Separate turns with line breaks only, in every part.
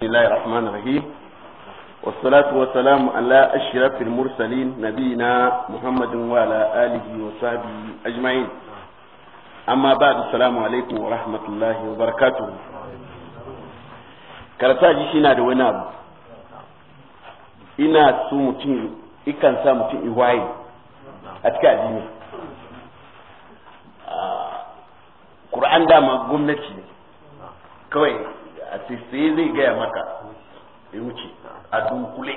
بسم الله الرحمن الرحيم والصلاة والسلام على أشرف المرسلين نبينا محمد وعلى آله وصحبه أجمعين أما بعد السلام عليكم ورحمة الله وبركاته karataji shi na da wani abu ina su mutum ikan sa mutum iwaye a cikin addini Kur'an dama gwamnati ne kawai a sai zai gaya maka ya wuce a dunkule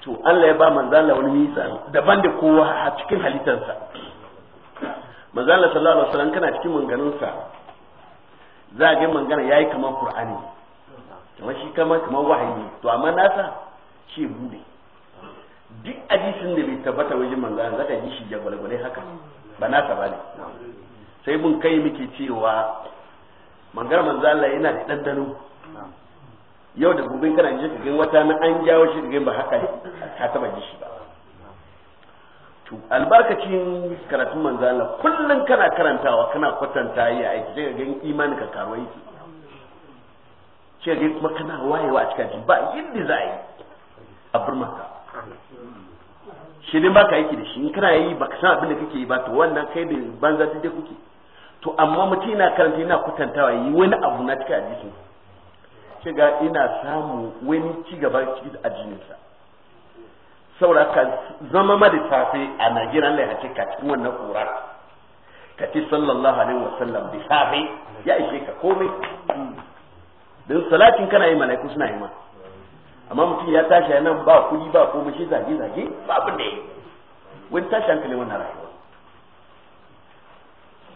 to Allah ya ba manzala wani nisa daban da kowa a cikin halittarsa manzala sallallahu alaihi wasallam kana cikin manganinsa za a ga mangana yayi kamar qur'ani kamar shi kamar kamar wahayi to amma nasa shi bude duk hadisin da bai tabbata wajen manzala zaka ji shi jagwalgwale haka ba nasa bane sai mun kai muke cewa mangar manzo Allah yana da dandano yau da gobe kana ji kagin wata na an jawo shi kagin ba haka ka taba ji shi ba to albarkacin karatun manzo Allah kullun kana karantawa kana kwatanta yi aiki sai gani imani ka karo yi ce ga kuma kana wayewa a cikin jin ba yadda za a yi a burmaka shi ne ba ka yake da shi in kana yi ba ka san abin da kake yi ba to wannan kai da banza ta kuke to amma mutum yana karanta yana kwatantawa yi wani abu na cikin addini shi ga ina samu wani ci gaba cikin sa, saboda ka zama ma da safe a Najeriya Allah ya ce ka cikin wannan kura ka ce sallallahu alaihi wasallam da safe ya ishe ka komai don salatin kana yi malaiku suna yi ma amma mutum ya tashi yana ba kuɗi ba komai shi zage zage ba abin da yi wani tashi hankali wannan rayuwa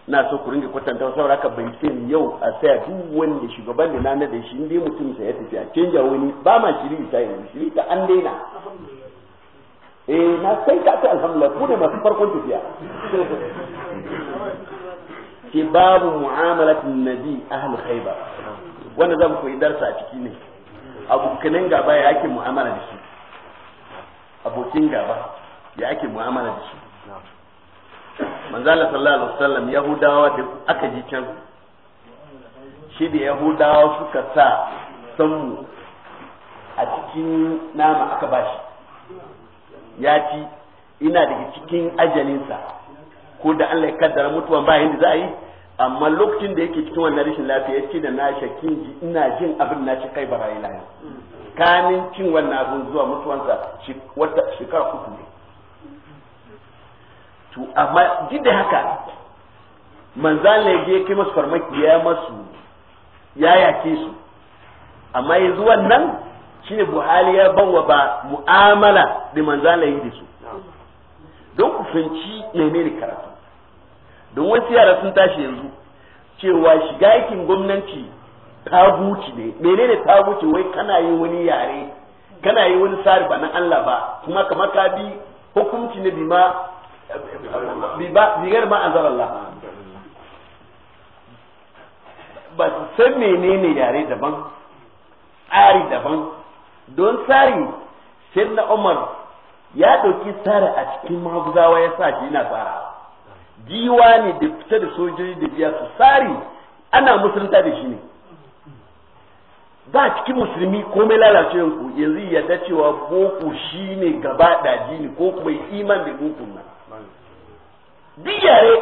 na so ku ringa kwatanta saboda haka ni yau a saya duk wanda shugaban da na da shi inda mutum sai ya tafi a canja wani ba ma shiri ta yi shiri ta an daina eh na sai ta ta alhamdulillah ku ne masu farkon tafiya
ke babu
mu'amalatin nabi ahlul khaybar wanda zamu koyi darsa a ciki ne abokanin gaba ya ake mu'amala da shi abokin gaba ya ake mu'amala da shi manzala sallallahu alaihi wasallam yahudawa da aka ji can shi da yahudawa suka sa sanmu a cikin nama aka bashi ya ci ina daga cikin ajalinsa ko da Allah ya kaddara mutuwan ba yanda za a yi amma lokacin da yake cikin wannan rashin lafiya ce da na shakin ji ina jin abin na ci kai barayi lafiya kanin cin wannan abin zuwa mutuwansa shekara uku ne to amma duk da haka manzan ke kai masu farmaki ya masu ya yake su amma yanzu wannan shine buhari ya banwa ba mu'amala da manzan yi da su don ku fahimci menene karatu don wasu yara sun tashi yanzu cewa shiga aikin gwamnati taguci ne menene taguci wai kana yi wani yare kana yi wani tsari ba na Allah ba kuma kamar ka bi hukunci na ma bigar ma anzar Allah ba su san menene yare daban tsari daban don tsari sai na Umar ya ɗauki tsari a cikin maguzawa ya sa shi na tsara giwa ne da fita da sojoji da biya su tsari ana musulunta da shi ne ba cikin musulmi komai lalacewa ku yanzu yadda cewa boko shi ne gaba daji ne ko kuma iman da boko nan duk yare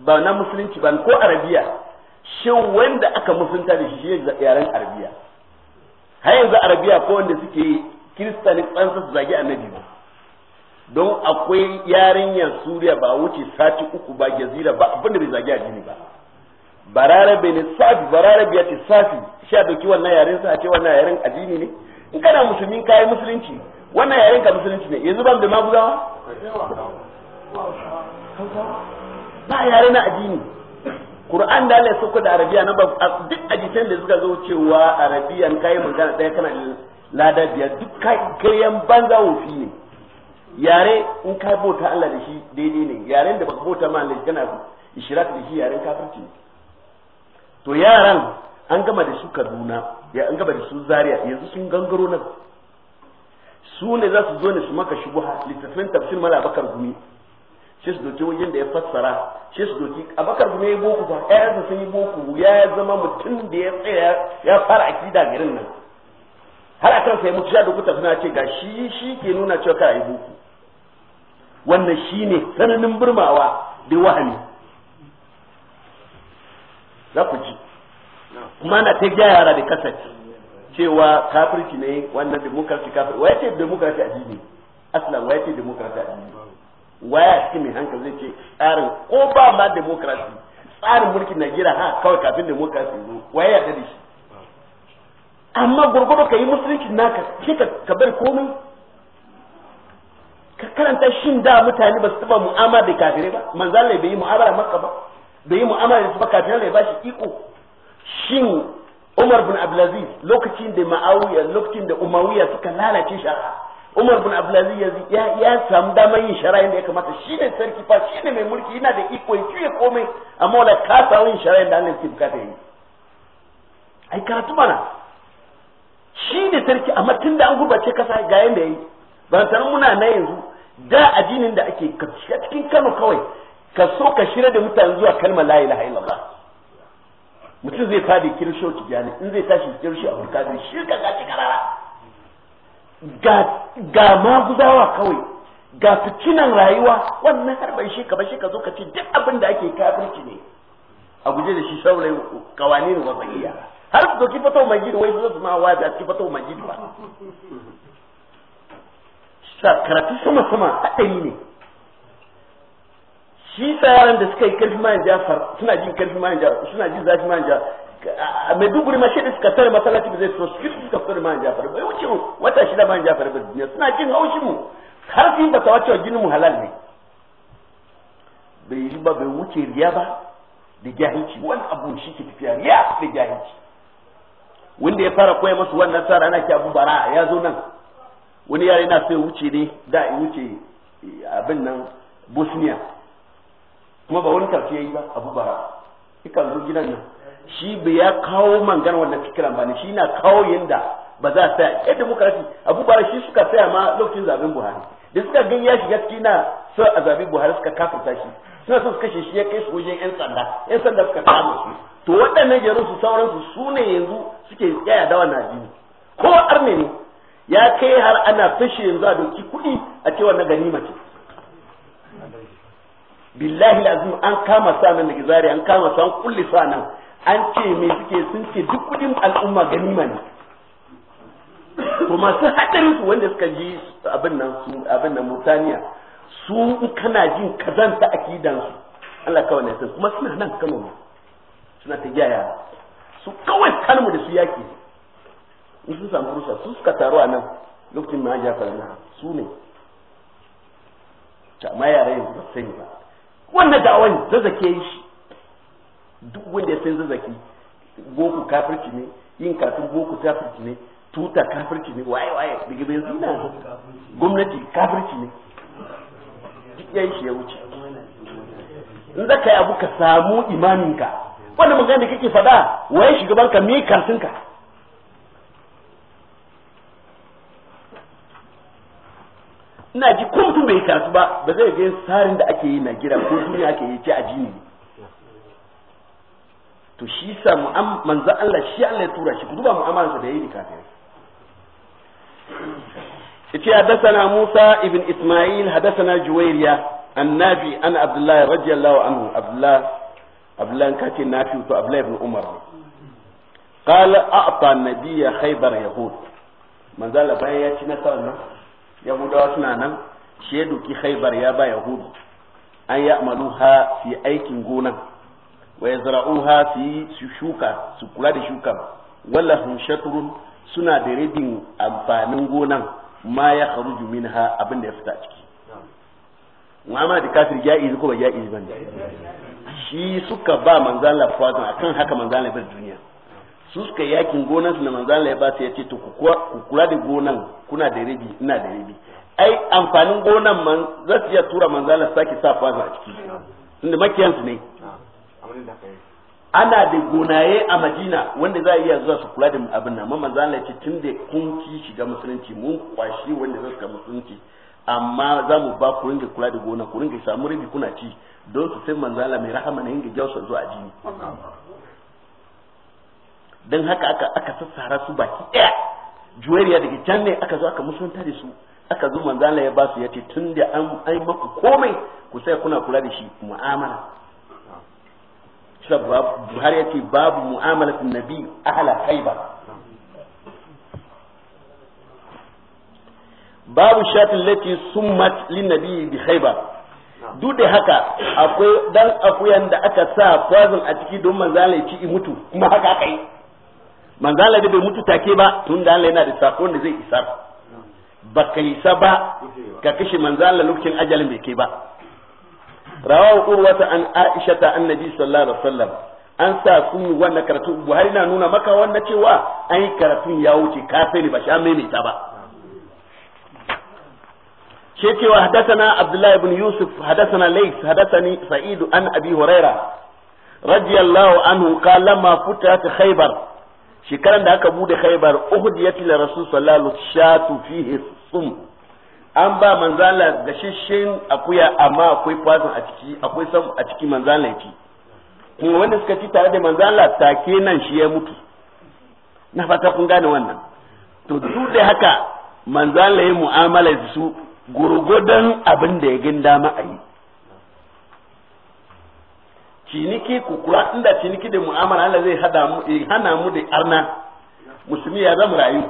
ba na musulunci ba ko arabiya shi wanda aka musulunta da shi shi yaren arabiya har yanzu arabiya ko wanda suke kirista ne tsansa su zagi annabi ba don akwai yarinyar suriya ba wuce sati uku ba jazira ba abinda bai zagi addini ba bararabe ne safi bararabe ya ce safi sha doki wannan yaren sa ce wannan yaren addini ne in kana musulmin kayan musulunci wannan yaren ka musulunci ne yanzu ban da maguzawa ba ba yare na addini Qur'an da Allah ya sauko da Arabiya na duk ajitan da suka zo cewa Arabiyan kai magana ɗaya kana lada biyar duk kayan banza wofi ne yare in ka bauta Allah da shi daidai ne yaren da baka bauta ma Allah kana ishirak da shi yaren kafirci ne to yaran an gama da su Kaduna ya an gama da su Zaria yanzu sun gangaro nan su ne za su zo ne su maka shubuha littafin tafsir mala bakar gumi shi su doki wajen da ya fassara shi su doki abakar kuma ya boko ba ƴaƴansa sun yi boko ya zama mutum da ya tsaya ya fara akida garin nan har akan sai mutu sha dokuta suna ce ga shi shi ke nuna cewa ka yi boko wannan shi ne sananin birmawa da wahami za ku ji
kuma na ta gaya
yara da kasar cewa kafirci ne wannan demokrasi kafir ya ce demokrasi addini aslan ya ce demokrasi jini waya cikin mai hankali zai ce tsarin ko ba ma demokrasi tsarin mulkin Najeriya ha kawai kafin demokrasi zo waya ya da shi amma gurgudu ka yi musulunci naka ke ka bar komai ka karanta shin da mutane ba su taba mu'amala da kafire ba manzan bai yi mu'amala maka ba bai yi mu'amala da su ba kafin lai ba shi iko shin Umar bin Abdulaziz lokacin da Ma'awiya lokacin da Umayya suka lalace shari'a Umar bin Abdulaziz ya ya ya samu damar yin shari'a da ya kamata shi ne sarki fa shi ne mai mulki yana da iko ya kiyaye komai amma wala kasa yin shari'a da Allah ke bukata yi ai karatu mana shi ne sarki amma da an gurbace kasa ga yanda yayi ban san muna na yanzu da addinin da ake a cikin Kano kawai ka so ka shirya da mutane zuwa kalmar la ilaha illallah mutum zai fadi kirsho jani in zai tashi kirshi a burkadin shirka ga cikarara ga maguzawa kawai ga fitinan rayuwa wannan har bai shi ka ba shi ka zo ka ce duk abin da ake kafirci ne a guje da shi saurayi kawane ne wasa iya har su doki fatau gidi wai su ma wa da fata fatau gidi ba sa karatu sama sama haɗari ne shi sa yaran da suka yi karfi manja suna jin karfi ma suna jin zafi manja mai duburi ma shi da suka tare masallaci ba zai so shi suka tare man Jafar bai wuce mu wata shida ma'an Jafar ba duniya suna jin haushin mu har fi ba ta wacewa jinin mu halal ne bai yi ba bai wuce riya ba da jahilci wani abu shi ke tafiya riya da jahilci wanda ya fara koya masu wannan tsara ana ki abu bara ya zo nan wani yare na sai wuce ne da a wuce eh, abin nan Bosnia kuma ba wani tafiya yi ba abu bara ikan zo gidan nan shi bai ya kawo mangana wannan fikiran ba ne shi na kawo yanda ba za a saya yadda muka abu abubuwa shi suka saya ma lokacin zaben buhari da suka gan ya shiga ciki na so a zaben buhari suka kafirta shi suna so su kashe shi ya kai su wajen yan sanda yan sanda suka kama su to waɗannan gyaran su sauransu su ne yanzu suke tsaya da wannan addini ko arne ne ya kai har ana fashe yanzu a doki kuɗi a cewa na ganima ce billahi lazim an kama sa nan da gizari an kama sa an kulle sa nan an ce me suke sun ce duk kudin al'umma ganima ne to masu hadarin su wanda suka ji abin nan su abin nan mutaniya su kana jin kazanta akidan su Allah kawai ne kuma suna nan Kano ne suna ta yaya su kawai Kano da su yaki in sun samu rusa su suka taru a nan lokacin mai ja farna su ne ta amma yare yanzu ba sani ba wannan da'awan zazzake shi duk wanda ya san zazzaki boko kafirci ne yin kafin boko kafirci ne tuta kafirci ne waye waye daga bai zina gwamnati kafirci ne duk yayin shi ya wuce in za ka yi abu ka samu imaninka wanda magana da kake faɗa waye shugaban ka me karfinka ina ji kuma mutum bai karatu ba ba zai ga tsarin da ake yi na gira ko duniya ake yi ce jini ne to shi sa manzo Allah shi Allah ya tura shi ku duba mu'amalarsa da yayi kafirai yace hadathana Musa ibin Isma'il hadathana Juwayriya annabi ana Abdullah radiyallahu anhu Abdullah Abdullah kace nafi to Abdullah ibn Umar قال أعطى النبي خيبر يهود من ذا لبايا ياتي نصرنا يهود واسنا shi ya doki khaibar ya ba yahudu an ya amaluha fi aikin gonan. wa yazra'uha su shuka su kula da shukan wala hum shatrun suna da ridin amfanin gonan ma ya kharuju minha abin da ya fita ciki mu'amala da kafir ya izi ko ba ya izi ban shi suka ba manzan Allah a akan haka manzan Allah bar duniya su suka yakin gonan su na manzan Allah ya ba su yace to ku kula da gonan kuna da rabi ina da rabi ai amfanin gonan man za su iya tura manzan Allah sake sa fatan a ciki tunda makiyansu ne ana da gonaye a madina wanda za a iya zuwa su kula da abin nan mamman zan lace tun da kun ki shiga musulunci mun kwashi wanda za su ga musulunci amma za mu ba ku ringa kula da gona ku ringa samu ribi kuna ci don su sai manzala mai rahama na yin gyausa zuwa jini don haka aka aka sassara su baki ɗaya juwariya daga can ne aka zo aka musulunta da su aka zo manzala ya ba su ya ce tun da an ai maku komai ku sai kuna kula da shi mu'amala har yace babu mu'amalatin nabi ahla khaybar babu shatin lati summat lin nabi bi khaybar duk da haka akwai dan akuyan da aka sa fazil a ciki don manzala ya ci mutu kuma haka kai manzala da bai mutu take ba tun da Allah yana da sakon da zai isa ba ka isa ba ka kashe manzala lokacin ajalin bai kai ba rawahu urwata an aisha ta annabi sallallahu alaihi wasallam an sa sun wannan karatu buhari na nuna maka wannan cewa an yi karatun ya wuce ka sai ba sha maimaita ba shi cewa hadathana abdullahi ibn yusuf hadathana lays hadathani sa'id an abi huraira radiyallahu anhu qala ma futat khaybar shekaran da aka bude khaybar uhdiyat ya rasul sallallahu alaihi wasallam shatu fihi sum an ba manzala ga shishin akuya amma akwai kwazon a ciki akwai sam a ciki manzala ya ci kuma wanda suka ci tare da manzala take nan shi ya mutu na fata kun gane wannan to duk da haka manzala ya mu'amala da su gurgudan abin da ya gin dama a yi ciniki kukura inda ciniki da mu'amala Allah zai hada mu eh, hana mu da arna musulmi ya zama rayu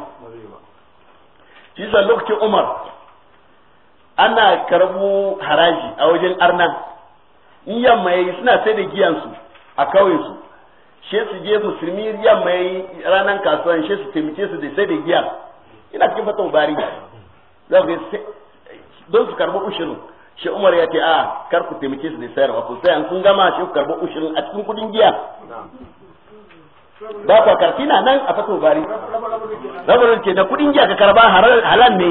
shi lokacin Umar ana karbo haraji a wajen arnan in yamma yayi suna sai da giyansu a kauye su she su je musulmi yamma yayi ranan kasuwa she su taimake su da sai da giya ina cikin fatan bari don su karbo ushirin shi umar ya ce a kar ku taimake su da sayarwa ku sai an kun gama shi ku karbo ushirin a cikin kudin giya
ba ku karfi na nan a fatan bari rabarin ce da kudin giya ka karba halal ne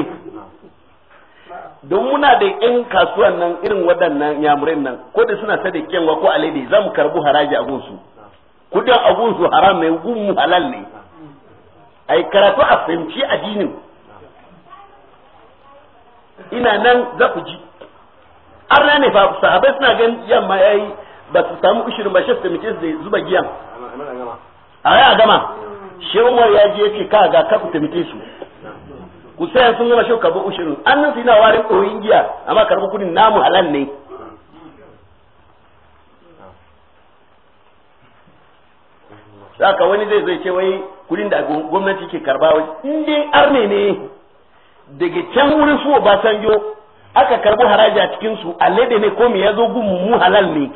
don muna da yan kasuwan nan irin waɗannan yamurin nan ko da suna sada kyanwa ko alade za mu karbu haraji a gunsu kudin a gunsu haram mai gunmu halal ne ai karatu a fahimci addinin ina nan za ku ji arna ne fa sahabai suna gan yamma yayi ba su samu ushirin ba shi su mace su zuba giyan a ya gama shi umar ya je ce ka ga ka ku taimake su ku saya sun zama shauka ba ushirin an nan su yana warin ɗoyin giya amma karɓi kudin namu halal ne ka wani zai zai ce wai kudin da gwamnati ke karba wai inda dai arne ne daga can wurin su Obasanjo aka karbi haraji a cikin su alade ne ko ya zo gun mu halal ne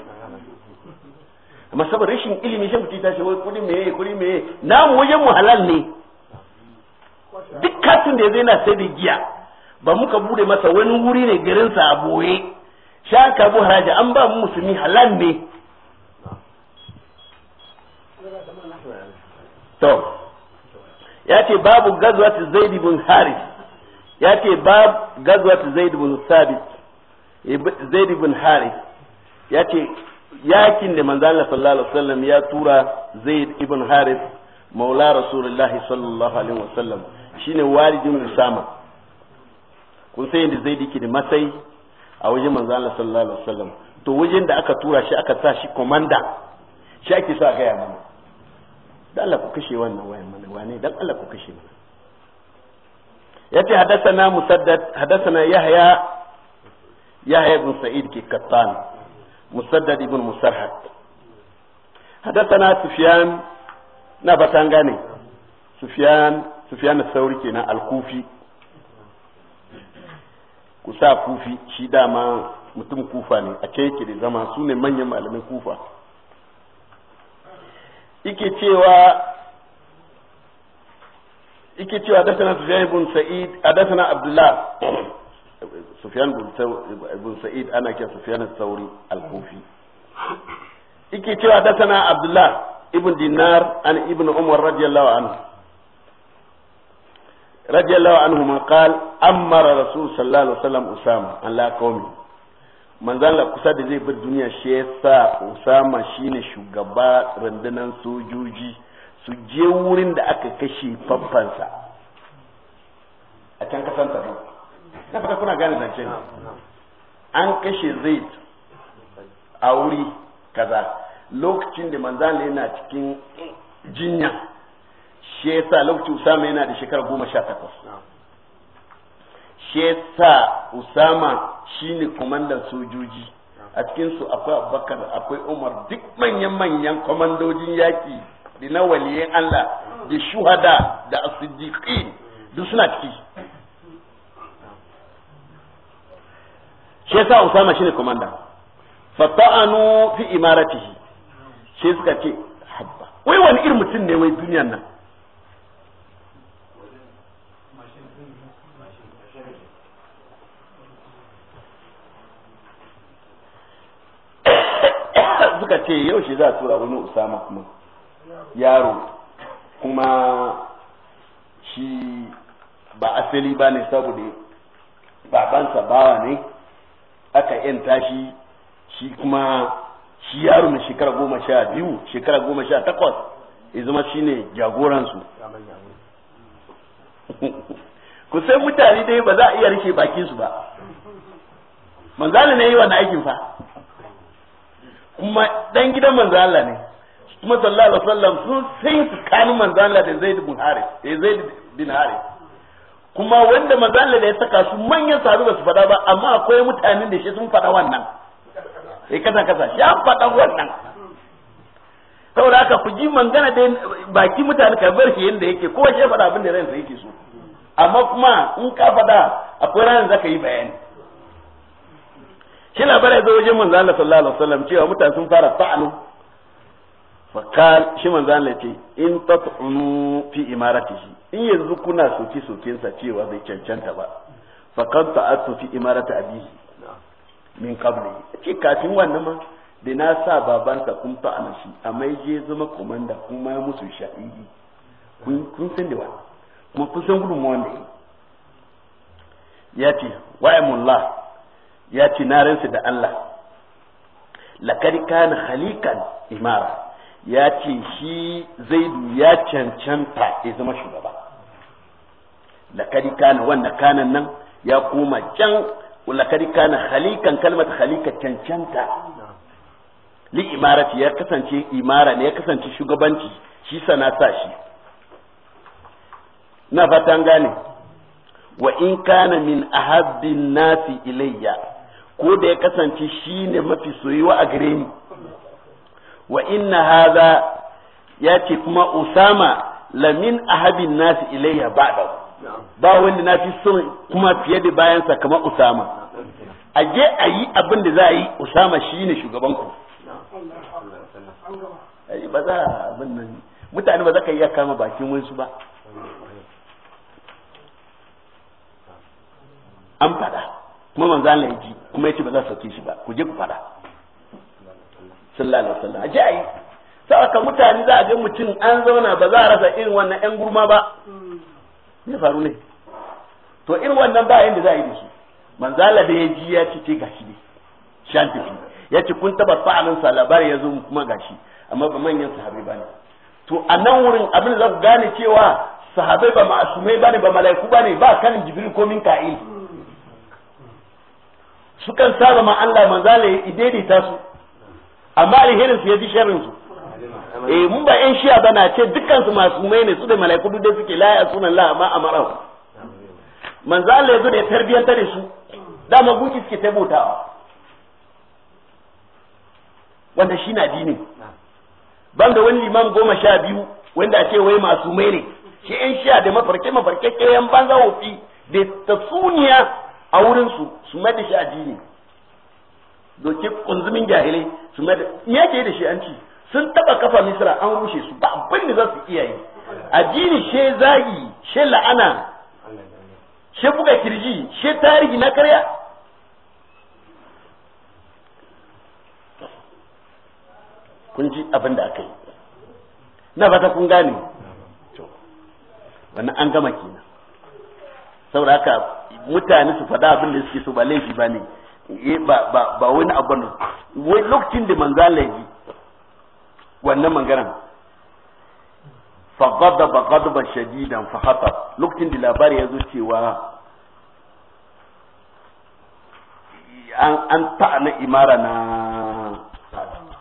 amma saboda rashin ilimi shan mutum ta wai kudin meye kudin meye namu wajen mu halal ne duk katin da ya yana sai da giya ba muka bude masa wani wuri ne garinsa a boye sha karbo haraji an ba mu musulmi halal ne to ya ce babu gazwat zaid ibn haris ya ce babu gazwat zaid ibn sabit zaid ibn haris ya ce yakin da manzo Allah sallallahu alaihi wasallam ya tura zaid ibn haris maula rasulullahi sallallahu alaihi wasallam shine waridin usama kun san yadda zai dike da matsayi a wajen manzo Allah sallallahu alaihi wasallam to wajen da aka tura shi aka sa shi komanda shi ake sa ga yamma dan Allah ku kashe wannan wayan mana wane dan Allah ku kashe mana yace hadathana musaddad hadathana yahya yahya ibn sa'id ki kattan musaddad ibn musarhad hadathana sufyan na batanga ne sufyan Sufyan al-Thawri kenan al-Kufi ku sa Kufi shi dama mutum Kufa ne a yake da zama su ne manyan malamin Kufa yake cewa yake cewa hadathana Sufyan ibn Sa'id hadathana Abdullah Sufyan ibn Sa'id ana kira Sufyan al-Thawri al-Kufi yake cewa hadathana Abdullah ibn Dinar an ibn Umar radiyallahu anhu رضي الله عنهما قال أمر رسول صلى الله عليه وسلم أسامة أن لا قومي من ذا لقصة دي بر دنيا شيسا أسامة شين شقباء رندنا سوجوجي سجيورين دا أكا كشي فبانسا أتنك سانتا دو نفتا كنا غاني زنشين أن كشي زيت أوري كذا لوك تشين دي من ذلك لنا تكين جنيا shi yasa lokaci Usama yana da shekara goma sha takwas shi yasa Usama shine komandan sojoji a cikinsu akwai Abubakar akwai Umar duk manyan manyan kwamandojin yaƙi da na waliyan Allah da shuhada da asidiki duk suna ciki shi yasa Usama shine komanda fata'anu fi imaratihi shi suka ce habba wai wani irin mutum ne wai duniyan nan suka ce yau shi za a tura wani usama kuma yaro kuma shi ba asali ba ne saboda babansa bawa ne aka yanta shi shi kuma shi yaro mai shekara goma sha biyu shekara goma sha takwas ya zama shi ne jagoransu ku sai mutane dai ba za a iya rike bakinsu ba manzali ne yi na aikin fa kuma dan gidan manzo Allah ne kuma sallallahu alaihi wasallam sun sai kan manzo Allah da Zaid bin Harith eh Zaid bin Harith kuma wanda manzo Allah da ya saka su manyan sahabi ba su faɗa ba amma akwai mutanen da shi sun faɗa wannan sai eh, kasa kasa shi an faɗa wannan saboda haka ku ji mangana da baki mutane ka bar shi yanda yake kowa shi faɗa abin da ransa yake so amma kuma in ka faɗa akwai ranar zaka yi bayani shi labarai zo wajen manzo Allah sallallahu alaihi wasallam cewa mutane sun fara fa'alu fakal shi manzo Allah ce in tat'unu fi imaratihi in yanzu kuna soki sokin sa cewa bai cancanta ba kan ta'atu fi imarati abihi min qabli ce kafin wannan ma da na sa babansa kun fa'ala shi amma je zama komanda kuma ya musu shahidi kun kun san da wannan kuma kun san gudun da ya ce wa'amullah ya ce na da Allah lakari kana halikan imara ya ce shi zaidu ya cancanta ya zama shugaba lakari kana wannan kanan nan ya koma can lakari kana halikan kalmar halika cancanta li imarati ya kasance imara ne ya kasance shugabanci shi sana sa shi na fatan gane wa in kana min ahabbin nasi ilayya ko da ya kasance shi ne mafi soyuwa a gare ni wa inna haza ya ce kuma usama lamin ahabin nasi ilayya ba'da ba wanda na fi son kuma fiye da bayansa kamar usama a je a yi abin da za a yi usama shi ne shugaban ku ba za abin nan mutane ba za ka iya kama bakin wasu ba an faɗa kuma manzo Allah ya ji kuma yace ba za su sauke shi ba ku je ku fada sallallahu alaihi wasallam aje sai ka mutane za a ga mutum an zauna ba za a rasa irin wannan yan gurma ba me faru ne to irin wannan ba yanda za a yi da shi manzo Allah da ya ji ya ce gashi ne shan tafi ya ce kun taba fa'alin sa labari ya zo kuma gashi amma ba manyan sahabbai ba ne to a nan wurin abin da za ku gane cewa sahabbai ba ma'asumai ba ne ba mala'iku ba ne ba kanin jibril ko min ka'il sukan saba ma Allah manzala ya daidaita su amma alherin su ya ji sharrin su eh mun ba yan shiya bana ce dukkan su mai ne su da malaiku duk da suke la ya sunan Allah amma amara Man ya zo da tarbiyyar da su Da guki suke ta wanda shi na dini ban da wani liman goma sha biyu wanda a ce wai mai ne shi yan shiya da mafarke mafarke kayan banza wofi da tasuniya a wurin su su mai da shi addini doki kunzumin jahilai su mai da ke da shi an ci sun taba kafa misra an rushe su ba abin da za su iya yi addini she zagi she la'ana she buga kirji she tarihi na karya kun ji abin da aka yi na fata kun gane wannan an gama kenan saboda haka mutane su faɗa abin da suke so ba laifi ba ne e, ba wani abu ne wai lokacin da manzan laifi wannan mangaran da ghadaba ba shadidan fa khata lokacin da labari ya zo cewa an ta'ana imara na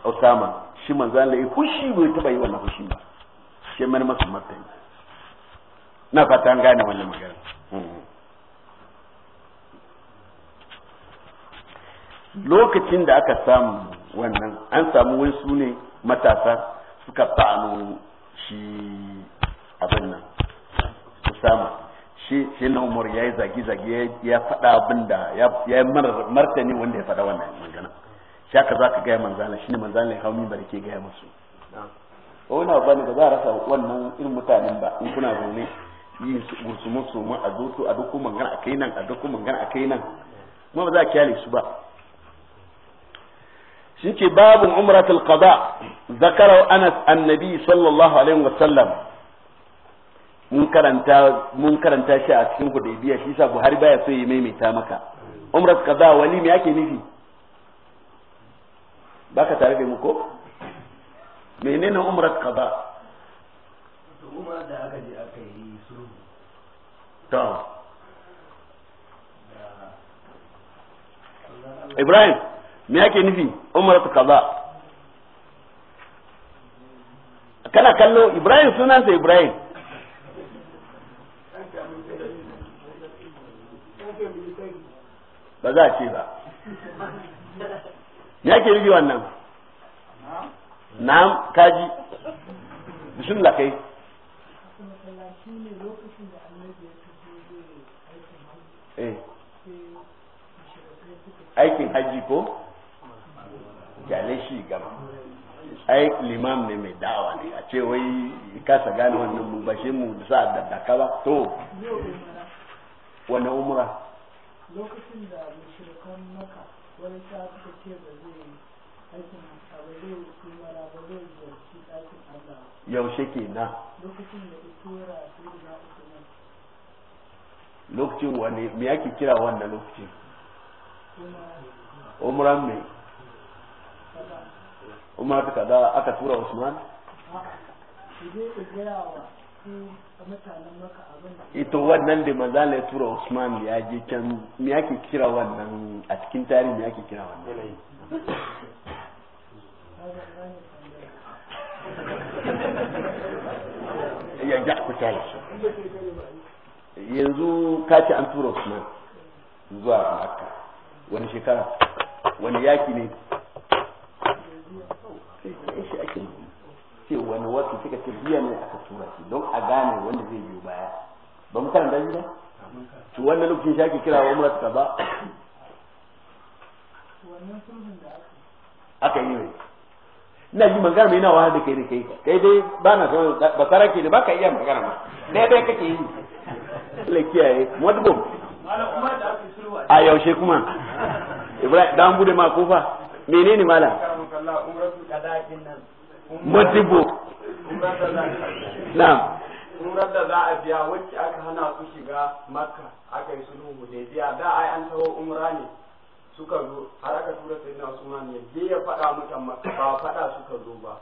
Osama shi manzan laifi ya fushi bai taba yi wannan fushi ba shi mai masu martani na fata an gane wannan magana hmm. lokacin da aka samu wannan an samu wani su ne matasa suka fa'ano shi abin nan usama shi shi na umar ya yi zage-zage ya faɗa abin da ya yi martani wanda ya faɗa wannan magana shi aka za ka gaya manzana shi ne manzana ya hau mimbar ke gaya musu wani abu ne ba za a rasa wannan irin mutanen ba in kuna zaune yin su musu a zo a duk magana a kai nan a duk magana a kai nan kuma ba za a kyale su ba shike babun umratul qada zakara anas annabi sallallahu alaihi wasallam mun karanta mun karanta shi a cikin hudaybiya shi yasa buhari baya so yi maimaita maka umrat qada wali me yake nufi baka tare da mu ko menene umar Ibrahim me yake nufi umratu kaza kana kallo ibrahim sunansa ibrahim ba za a ce ba me yake nufi wannan na'am kaji bismillah kai eh. aikin haji ko kyale shi gaba ai limam ne mai dawa ne a ce wai kasa gane wannan mu bashe mu da sa da daddaka ba to wani umra
lokacin da mushrikan maka wani ta suka ce da zai aikin ba su mara ba zai zarci aikin Allah yaushe ke na lokacin da tura su da
lokacin wani me yake kira wannan lokacin umran mai kuma aka kaza aka tura Usman ito wannan da mazala ya tura Usman ya je can me yake kira wannan a cikin tarihi me yake kira wannan
ya ja ku tare
yanzu ka ce an tura Usman zuwa Makka wani shekara wani yaki ne ce wani wasu suka ce biya ne aka tura shi don a gane wanda zai yi baya ba mu karanta shi ne to wannan lokacin shi ake kira wa umar ta ba aka yi ne ina ji magana mai nawa da kai da kai kai dai ba na san ba ke da ba ka iya magana ba dai dai kake yi Allah kiyaye wadbo
a yaushe kuma
ibrahim dan bude ma kofa menene mala umratu kadaqin madibo na surar da za a biya wacce aka hana su shiga makka aka yi sulhu da biya da ai an taho umra ne suka zo har aka tura sai na suna ne je ya faɗa mutan makka ba faɗa suka zo ba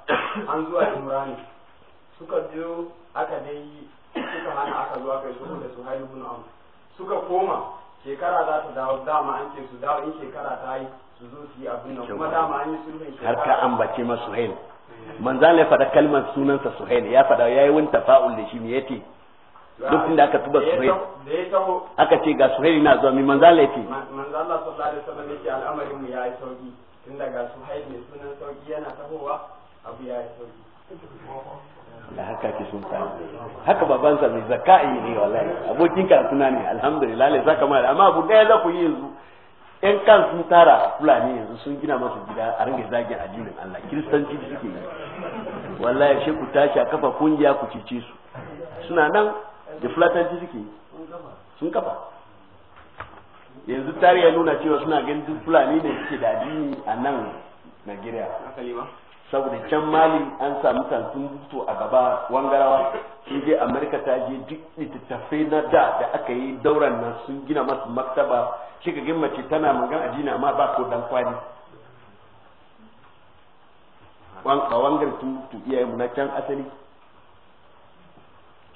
an zuwa umra ne suka zo aka dai suka hana aka zo aka yi sulhu da su haihu bin amu suka koma shekara za ta dawo dama an ce su dawo in shekara ta yi su zo su yi abin nan kuma dama an yi sulhun shekara har ka ambace masu manzan ya faɗa kalmar sunansa suhail ya faɗa ya yi wani tafa'ul da shi me yake duk inda aka tuba suhail aka ce ga suhail na zuwa mi manzan ya ce manzan Allah sallallahu alaihi wasallam yake al'amarin mu ya yi sauki tunda ga suhail ne sunan sauki yana tahowa abu ya yi sauki da haka ke sun samu haka babansa mai zaka'i ne wallahi abokin karatuna ne alhamdulillah lai zaka amma abu daya za ku yi yanzu yan kan sun tara fulani yanzu sun gina masu gida a ringa zagin addinin Allah kiristanci suke yi wallahi shi ku tashi a kafa kungiya ku cece su suna nan da fulatanci suke yi sun kafa yanzu tarihi ya nuna cewa suna ganin duk fulani ne suke da addini a nan Najeriya saboda can mali an samu sun mutu a gaba wangarawa sun je amerika ta je duk littattafai na da da aka yi dauran nan sun gina masu maktaba shi ga mace tana magan addini amma ba ko dan kwani wanka wangar tu tu iyaye mu na can asali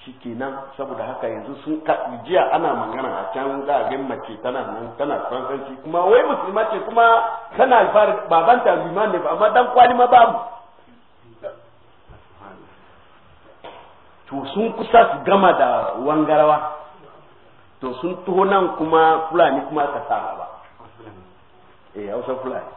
shikenan saboda haka yanzu sun ka jiya ana magana a can za a mace tana nan tana fransanci kuma wai musulma ce kuma tana alfahari baban ta liman ne amma dan kwani ma mu. to sun kusa su gama da wangarawa to sun tuho nan kuma fulani kuma aka sa ba eh hausa fulani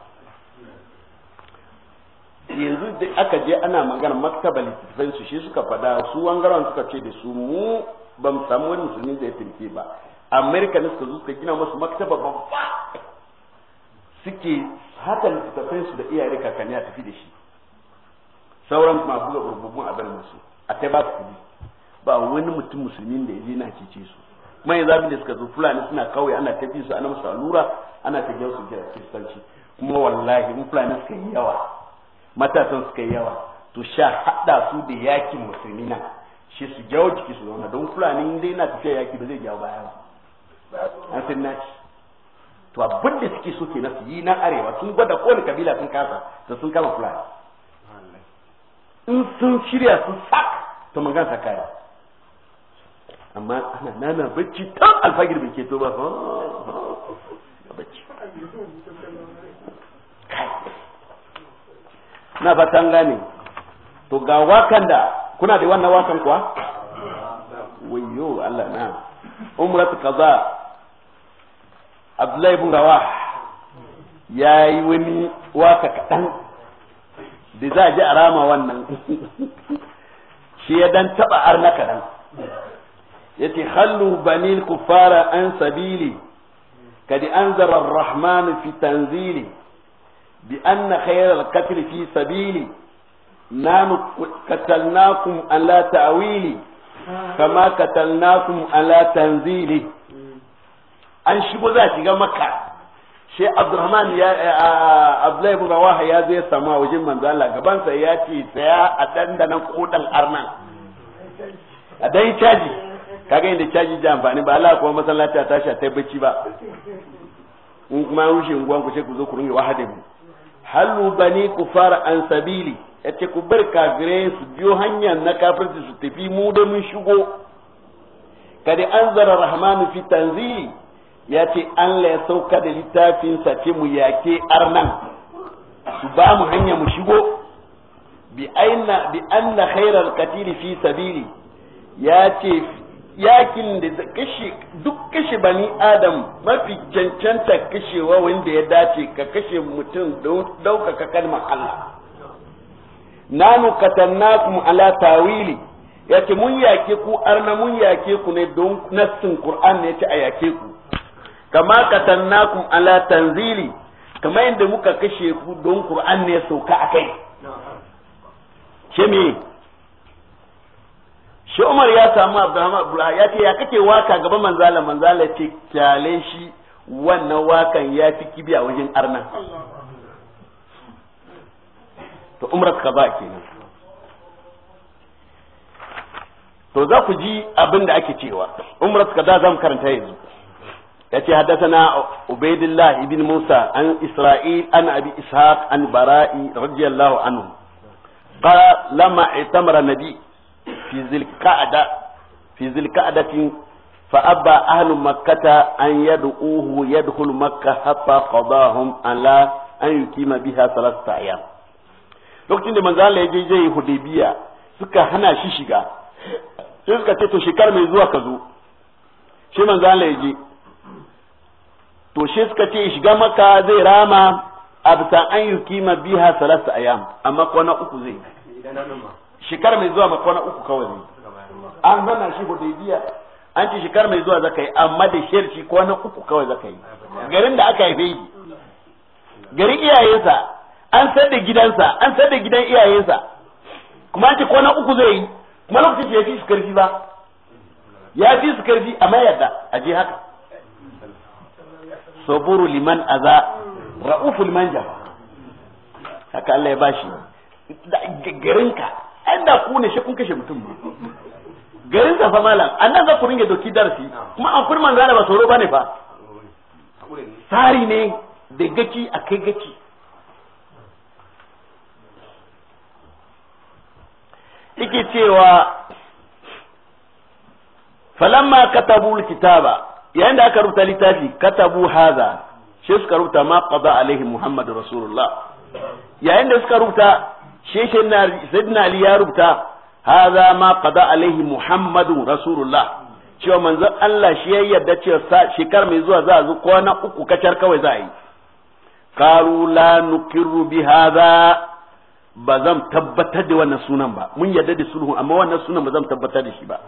yanzu da aka je ana magana maktaba littattafai su shi suka fada su wangaren suka ce da su mu ba mu samu wani musulmi da ya ba amerika ne suka zo suka gina masu maktaba babba suke haka littattafai su da iyaye kakanni a tafi da shi sauran kuma buga rububun a musu a kai ba su ba wani mutum musulmin da ya je na cece su mai zabi da suka zo fulani suna kauye ana tafi su ana musu allura ana ta su kira kristanci kuma wallahi in fulani suka yi yawa matasan suka yi yawa to sha hada su da yakin musulmi na shi su jawo ciki su zauna don fulani in dai na tafiya yaki ba zai jawo baya
ba an san
na shi to abin da suke so kenan su yi na arewa sun gwada kowane kabila sun kasa da sun kama fulani in sun shirya sun sak to mun gansa amma ana nana bacci tan alfagir bai toba ba bacci na fatan gane to ga wakan da kuna da wannan wakan kuwa wayo Allah na umratu kaza Abdullahi ibn Rawah yayi wani waka kadan da za a ji wannan shi ya dan taba arna kadan yace hallu banil kufara an sabili kadi anzara ar-rahman fi tanzili bi anna khayra al-qatl fi sabili nanu qatalnakum ala ta'wili kama katalnakum ala tanzili an shigo za shiga makka shi abdurrahman ya abdullahi ibn rawaha ya zai sama wajen manzo Allah gabansa ya ce tsaya a dandanan kodan arnan a dai caji kaga inda caji ji amfani ba Allah kuma masallaci ta tashi ta bacci ba in kuma rushe unguwan ku sai ku zo ku ringe mu halu bani kufara an sabili yace ku bar kafire su biyo hanya na kafirci su tafi mu da mun shigo kada anzara rahmanu fi tanzili yace Allah ya sauka da littafin sa ce mu yake arnan su ba mu hanya mu shigo bi aina bi anna khairal fi sabili yace yakin da kashe duk kashe bani adam mafi cancanta kashewa wanda ya dace ka kashe mutum daukaka kalmar Allah nanu katannakum ala tawili yace mun yake ku arna mun yake ku ne don nassin Qur'an ne yace a yake ku kama katannakum ala tanzili kama yadda muka kashe ku don Qur'an ne sauka akai sheme shi Umar ya samu Abdurrahman ya ce ya kake waka gaba manzala manzala ce kyale shi wannan wakan ya fi kibiya wajen arna to ba ke kenan to za ku ji abin da ake cewa ka kaza zan karanta yanzu Ya yace na ubaidillah ibn musa an isra'il an abi ishaq an bara'i radiyallahu anhu قال لما اعتمر النبي fi zilka'ada fi zilka'adatin fa abba ahlu makkata an yad'uhu yadkhul makka hatta qadahum ala an yukima biha salasta ayyam lokacin da manzo Allah ya je zai hudaybiya suka hana shi shiga ce to shekar mai zuwa ka zo to shi suka ce shiga maka zai rama abta an yukima biha salasta ayyam amma kwana uku zai shekara mai zuwa makwana uku kawai ne an zana shi hudaybiya an ce shekara mai zuwa zaka yi amma da sharci kwana uku kawai zaka yi garin da aka haife shi garin iyayensa an san da gidansa an san da gidan iyayensa kuma an ce kwana uku zai yi kuma lokacin ya fi su karfi ba ya fi su karfi amma yadda a je haka saburu liman aza ra'uful manja haka Allah ya bashi garinka an da ku ne shi kun kashe mutum ba garin sa fa malam annan za ku ringe doki darasi kuma an kurman zara ba tsoro bane ba sari ne da gaci a kai gaci yake cewa falamma katabu kitaba yayin da aka rubuta littafi katabu haza shi suka rubuta ma qada alaihi muhammadu rasulullah yayin da suka rubuta shi sayyidina ali ya rubuta hadha ma qada alaihi muhammadun rasulullah cewa manzon Allah shi ya yarda cewa shekar mai zuwa za a zo kwana uku kacar kawai za a yi qalu la nukiru bi hadha ba zan tabbatar da wannan sunan ba mun yarda da sulhu amma wannan sunan ba zan tabbatar da shi ba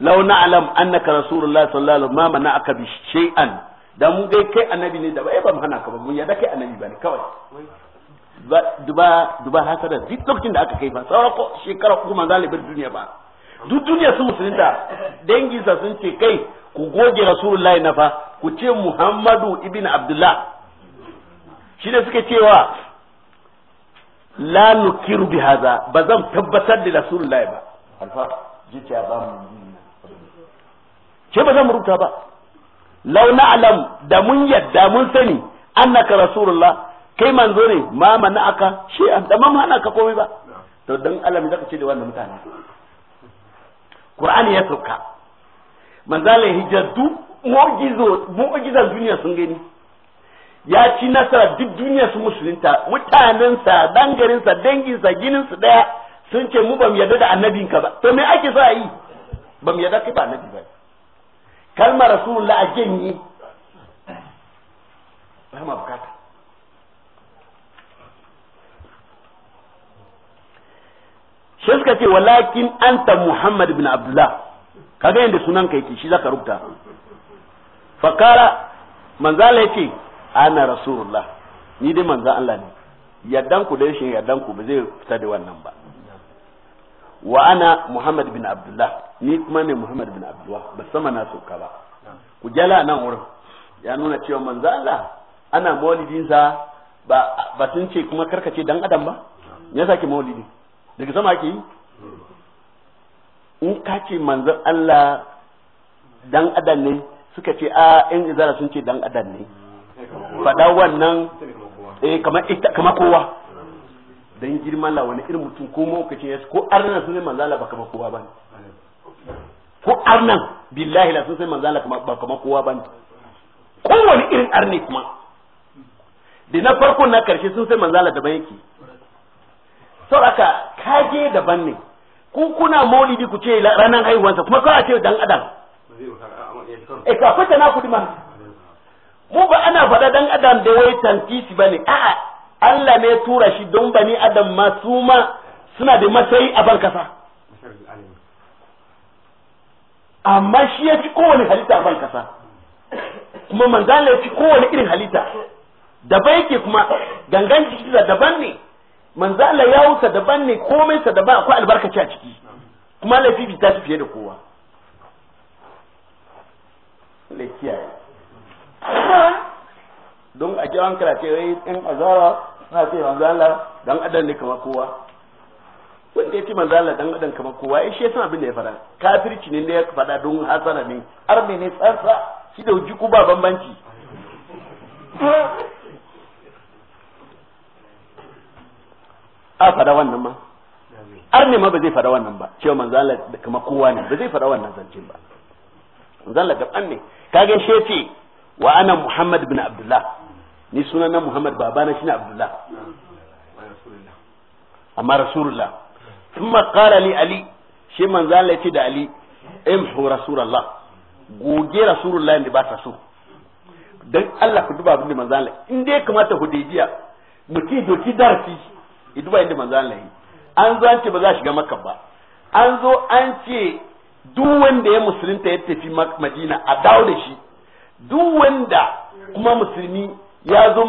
law na'lam annaka rasulullah sallallahu alaihi wasallam ma mana'aka bi shay'an da mun ga kai annabi ne da ba ba mu hana ka ba mun yarda kai annabi ba ne kawai duba duba hasada duk lokacin da aka kai ba sauran ko shekara uku manzo Allah duniya ba duk duniya su musulunta dangin sa sun ce kai ku goge rasulullahi na fa ku ce muhammadu ibn abdullah shi ne suka cewa la nukiru bi haza ba zan tabbatar da rasulullahi ba alfa zuciya ba mu ce ba zan rubuta ba law na'lam da mun yadda mun sani annaka rasulullah kai manzo ne ma mana aka shi an da ma hana ka komai ba to dan Allah me zaka ce da wannan mutane Qur'ani ya sauka manzalin hijaddu mu'jizo mu'jiza duniya sun gani ya ci nasara duk duniya sun musulunta dangin sa ginin su daya sun ce mu bam yadda da ka ba to me ake so yi bam yadda kai ba annabi ba kalmar rasulullah a janye ba ma bukata sai suka ce walakin anta muhammad bin abdullah kaga yanda sunan ka yake shi zaka rubuta fakara manzala ce ana rasulullah ni dai manzan Allah ne yaddan ku da shi yaddan ku ba zai fita da wannan ba wa ana muhammad bin abdullah ni kuma ne muhammad bin abdullah ba sama na sauka ba ku jala nan wurin ya nuna cewa manzo Allah ana maulidinsa ba ba sun ce kuma karkace dan adam ba ya sake maulidin daga sama ake yi in ka ce manzan Allah dan adam ne suka ce a in izara sun ce dan adam ne
faɗa wannan eh kamar ita kamar kowa
dan girman la wani irin mutum ko mawukacin yasu ko arnan sun sai manzan Allah ba kamar kowa bane ko arnan billahi la sun sai manzan Allah ba kamar kowa bane wani irin arni kuma da na farko na karshe sun sai manzan Allah da bayyake ka kaje daban ne ku kuna maulidi ku ce ranar haihuwansa kuma kawai ce dan adam
e eh, ka fita
na kudi man mu ba ana faɗa dan adam da wai tantisi ba ne a'a Allah ne tura shi don bani adam ma su ma suna da matsayi a ban kasa amma shi ya fi kowane halitta a ban kasa kuma manzala ya fi kowane irin halitta da bai ke kuma gangan da daban ne manzala wuta daban ne komai sa daban akwai albarkaci a ciki kuma laifi ta shi fiye da kowa kiyaye don a ji hankala ce wai in azara na ce manzala dan adam ne kamar kowa wanda ya ce manzala dan adam kamar kowa ya shi san abin da ya fara kafirci ne da ya fada don hasara ne arme ne tsarsa shi da hujji ku ba bambanci a fada wannan ma ar ne ma ba zai fada wannan ba cewa manzo Allah da kuma kowa ne ba zai fada wannan zancin ba manzo Allah gaban ne kage shi yace wa ana Muhammad ibn Abdullah ni na Muhammad na shine Abdullah amma rasulullah thumma qala li ali shi manzo Allah yace da ali imhu rasulullah goge rasulullah ne ba ta so dan Allah ku duba abin da manzo Allah in dai kamata hudaybiya mutum doki darasi Iduba inda manzo Allah yi an zo an ce ba za shiga makka ba an zo an ce duk wanda ya musulunta ya tafi madina a dawo da shi duk wanda kuma musulmi ya zo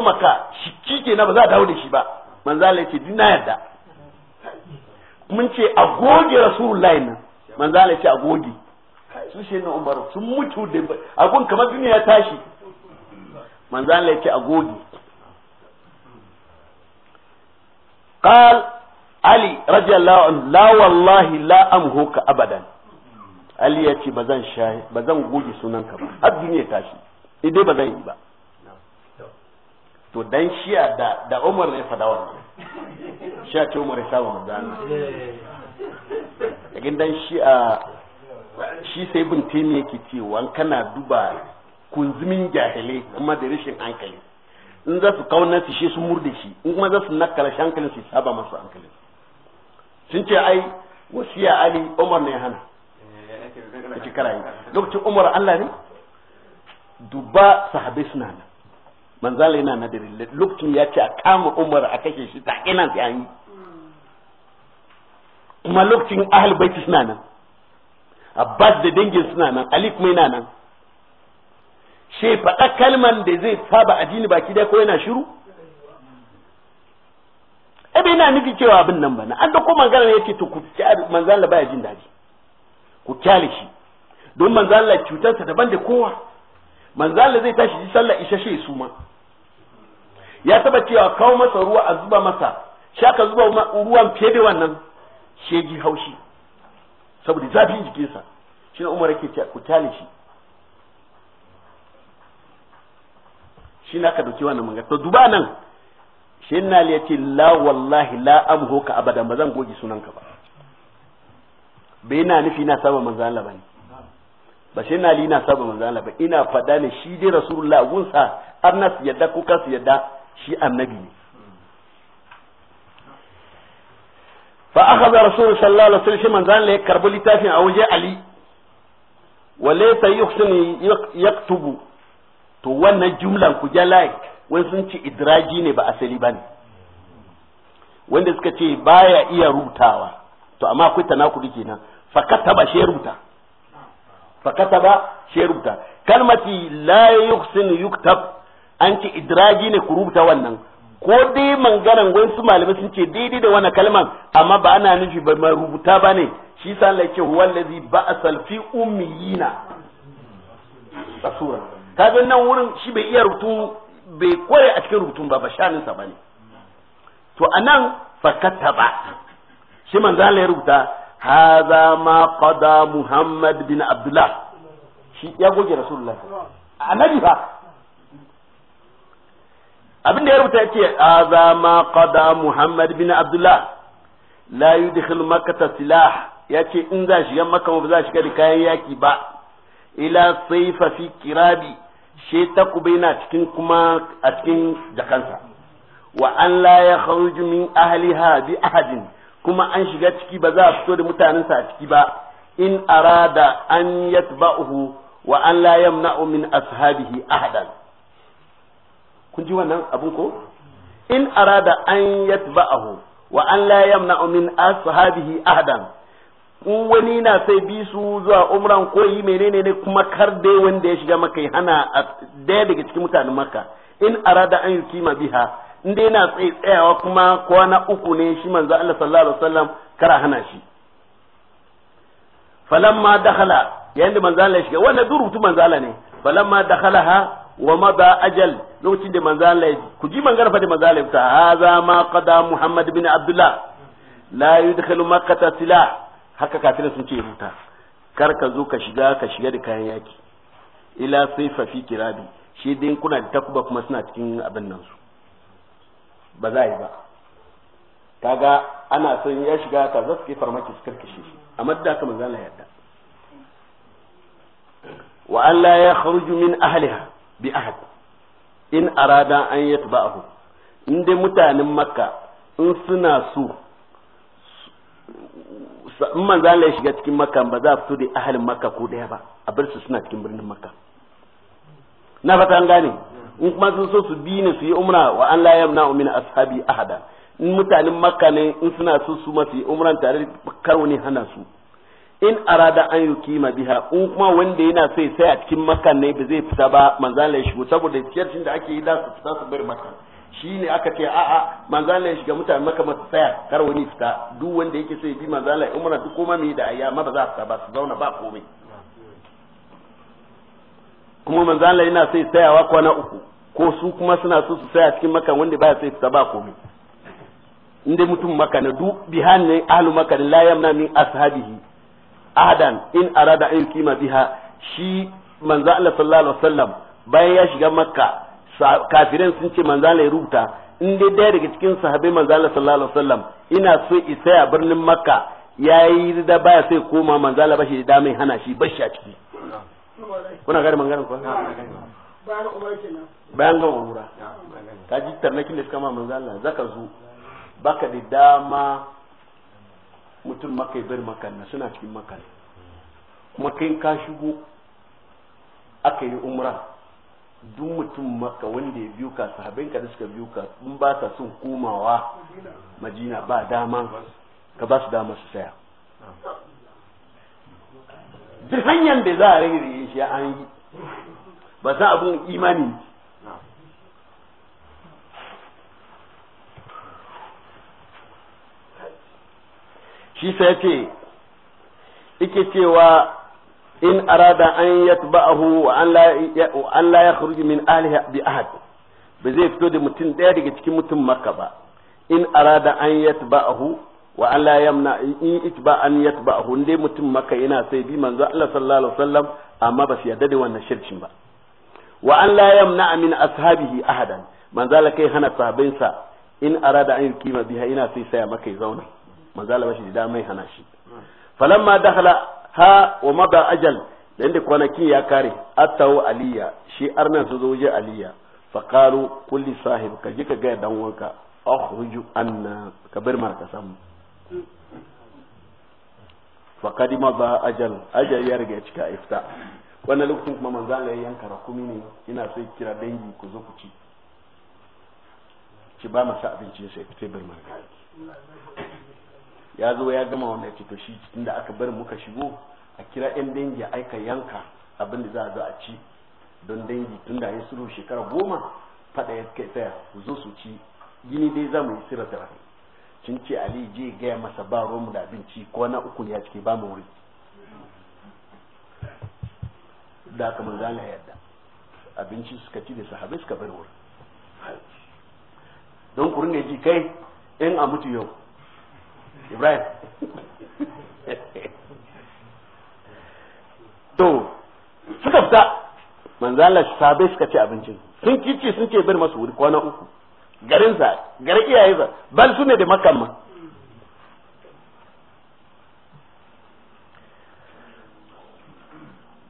maka shi na ba za a dawo da shi ba manzo Allah ya ce dina yadda mun ce a goge rasulullahi nan manzo Allah ya a goge su shi ne umaru sun mutu da agun kamar duniya ya tashi manzo Allah ya ce a goge qal ali radiyallahu la wallahi la amhuka abadan ali ya ce ba zan goge sunanka ba har duniya tashi idai ba zan yi ba to dan shiya da da Umar ne fada wannan shiya ce Umar ya saba manzana daga dan shi sai bin temi yake cewa kana duba kunzumin jahilai kuma da rashin hankali in za su kauna shi shi su murde shi in kuma za su nakala shi hankalin su saba masu hankalin sun ce ai wasiya ali umar ne hana ake karayi lokacin umar allah ne dubba sahabe suna nan manzala yana na dare lokacin ya ce a kama umar a kashe shi ta ina sai an yi kuma lokacin ahal baiti suna nan abbas da dangin suna nan ali kuma yana nan she faɗa kalman da zai saba addini baki dai ko yana shiru Eba eh, yana nufi cewa abin nan bana an dauko magana ya ce to ku manzan Allah baya jin daɗi ku kyale shi don manzan Allah cutarsa daban da kowa manzan Allah zai tashi ji sallah isha shi su ma ya taba cewa kawo masa ruwa a zuba masa shaka zuba ruwan fiye da wannan shegi haushi saboda zafin jikinsa shi na umar yake ku kyale shi shi na ka dauki wannan manga to duba nan shi na ya ce la wallahi la amho ka abadan ba zan goge sunan ka ba bai na nufi na saba manzan Allah bane ba shi na li na saba manzan Allah ba ina fada ne shi dai rasulullah gunsa har na yadda ko kasu yadda shi annabi ne fa akhadha rasul sallallahu alaihi wasallam manzan Allah ya karbi littafin a waje Ali wa laysa yuhsinu yaktubu to wannan jumlan ku ja jala wai sun ci idraji ne ba asali ba ne wanda suka ce baya iya rutawa to amma akwai tanakuri nan fa kataba shi ruta fa kataba shi ruta kalmati la yuhsin yuktab an ci idraji ne ku rubuta wannan ko dai mangaran wasu malamai sun ce daidai da wannan kalman amma ba ana nufi ba mai rubuta ba ne shi sa Allah ya ce huwallazi ba'asal fi ummiyina basura kaga nan wurin shi bai iya rubutu bai kware a cikin rubutun ba ba shanin sa bane to anan fakata ba shi manzo Allah ya rubuta hadha ma qada muhammad bin abdullah shi ya goge rasulullah annabi fa abin da ya rubuta yace hadha ma qada muhammad bin abdullah la yudkhil makkata silah yace in za shiga makka ba za shiga da kayan yaki ba ila sayfa fi kirabi shi takuba yana cikin kuma a cikin jakansa wa an la ya kharuju min ahliha bi ahadin kuma an shiga ciki ba za a fito da mutanensa a ciki ba in arada an yatba'uhu wa an la yamna'u min ashabihi ahadan kun ji wannan abun ko in arada an yatba'uhu wa an la yamna'u min ashabihi ahadan in wani na sai bi su zuwa umran ko yi menene ne kuma kar dai wanda ya shiga maka hana daya daga cikin mutanen maka in arada an ma biha in dai na tsaye tsayawa kuma kwana uku ne shi manzo Allah sallallahu alaihi wasallam kara hana shi falamma dakhala yayin da manzo Allah ya shiga wannan durutu manzo Allah ne falamma dakhalaha wa mada ajal lokacin da manzo Allah ya ku ji man garfa da manzo Allah ya haza ma qada muhammad bin abdullah la yudkhilu makkata silah haka kafirai sun ce huta kar ka zo ka shiga ka shiga da kayan yaki ila sai fafi kirabi shi dai kuna da takuba kuma suna cikin abin nan su ba za yi ba kaga ana son ya shiga ka za su kai farmaki su karkashe shi a madda ka manzo Allah yarda wa an la yakhruju min ahliha bi ahad in arada an yatba'ahu in dai mutanen makka in suna so in manzo Allah ya shiga cikin makka ba za a fito da ahalin makka ko daya ba a bar su suna cikin birnin makka na fata an gane in kuma sun so su bi ne su yi umra wa an la yamna min ashabi ahada in mutanen makka ne in suna so su ma yi umran tare karo ne hana su in arada an yukima biha in kuma wanda yana ya sai a cikin makka ne ba zai fita ba manzo Allah ya shigo saboda ciyarcin da ake yi da su fita su bar makka shi ne aka ce a'a manzala ya shiga mutane maka masu tsaya kar wani fita duk wanda yake so ya bi manzala in muna duk koma mai da ayya ma ba za a fita ba su zauna ba komai kuma manzala yana sai tsayawa kwana uku ko su kuma suna so su tsaya cikin maka wanda ba sai fita ba komai inda mutum maka na duk bihan ne ahlu maka la yamna min ashabihi ahadan in arada an kima biha shi manzala sallallahu alaihi wasallam bayan ya shiga makka kafirin sun ce manzala ya rubuta in dai daya daga cikin sahabbai manzala sallallahu alaihi wasallam ina so isa a birnin makka yayi da baya sai koma manzala bashi da mai hana shi bashi a ciki
kuna gane mangaran ko
bayan umar kenan bayan ga umra ka ji tarnakin da suka ma manzala zaka zo baka da dama mutum maka bar makka na suna cikin makka kuma kai ka shigo aka yi umra duk mutum maka wanda ya biyu ka sahabin ka da suka biyu ka in ba ta son komawa majina ba dama ka ba su dama su saya duk hanyar da za a rage shi an yi ba za abun imani shi sai ce ike cewa in arada an yatba'ahu wa an la yakhruj min alihi bi ahad ba zai fito da mutum daya daga cikin mutum makka ba in arada an yatba'ahu wa an la yamna in itba an yatba'ahu dai mutum makka yana sai bi manzo Allah sallallahu alaihi wasallam amma ba su yarda da wannan shirkin ba wa an la yamna min ashabihi ahadan manzo Allah kai hana sahabinsa in arada an yukima biha ina sai saya maka ya zauna manzo Allah shi da mai hana shi falamma dakhala ha wa mada ajal da inda kwanaki ya kare atawo aliya shi arnan su zo je aliya fa qalu kulli sahib ka ji ka ga dan wanka akhruju anna ka bar mar ka samu fa kadima ba ajal ajal ya riga cika ifta wannan lokacin kuma manzo Allah ya yanka rakumi ne ina so kira dangi ku zo ku ci ki ba masa abincin sai fitai bar mar ya zo ya gama wanda ce to shi tunda aka bar muka shigo a kira yan dangi a aika yanka abin da za a zo a ci don dangi tunda ya suru shekara goma faɗa ya kai tsaya ku zo su ci gini dai za mu yi sirra da rafi cin ce ali je gaya masa ba romu da abinci na uku ne ya cike ba mu wuri da aka manzo Allah yadda abinci suka ci da sahabbai suka bar wuri don ku ne ji kai in a mutu yau ibrahim to suka fita manzan Allah manzala sabai suka ci abincin sun kici sun ce bari masu wuri kwana uku garinsa iyaye za, bal su ne da makan ma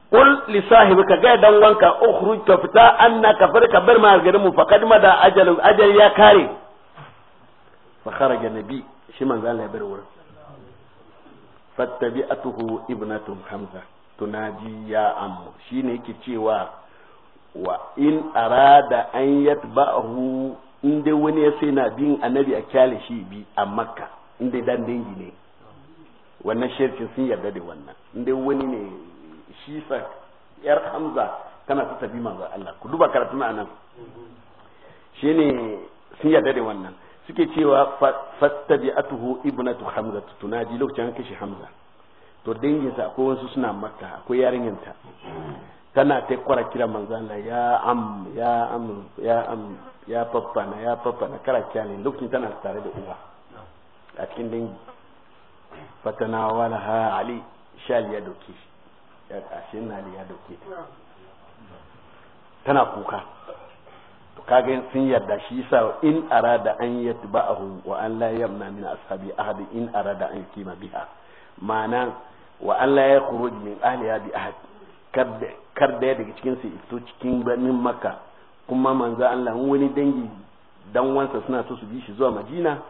qul li ka gaya dan wanka ukhruj ka fita an na ka annaka ka bar ma garin mu faqad mada da ajal ya kare fa kharaja nabi shi manzo Allah ya bar wurin fattabi'atuhu ibnatu hamza tunaji ya ammu shine yake cewa wa in arada an yatba'ahu in dai wani ya sai na bin annabi a kyale shi bi a makka in dai dan dangi ne wannan shirkin sun yarda da wannan in dai wani ne shi sa yar hamza tana ta tafi manzo Allah ku duba karatu ma'anan shine sun yarda da wannan suke cewa fattabi'atuhu ibnatu hamza tunaji lokacin an kashe hamza to danginsa akwai wasu suna makka akwai yarinyanta tana ta kwara kira manzana ya am ya am ya am ya na ya na kara kira ne lokacin tana tare da uwa a cikin dangi fatana wala ha ali shal ya doki ya kashin ali ya doki tana kuka to kaga sun yarda shi yasa in arada an yatba'ahu wa an la yamna min ashabi ahad in arada an kima biha ma'ana wa an la yakhruj min ahliha bi ahad kar da daga cikin su cikin birnin makka kuma manzo Allah wani dangi dan wansa suna so su bi shi zuwa madina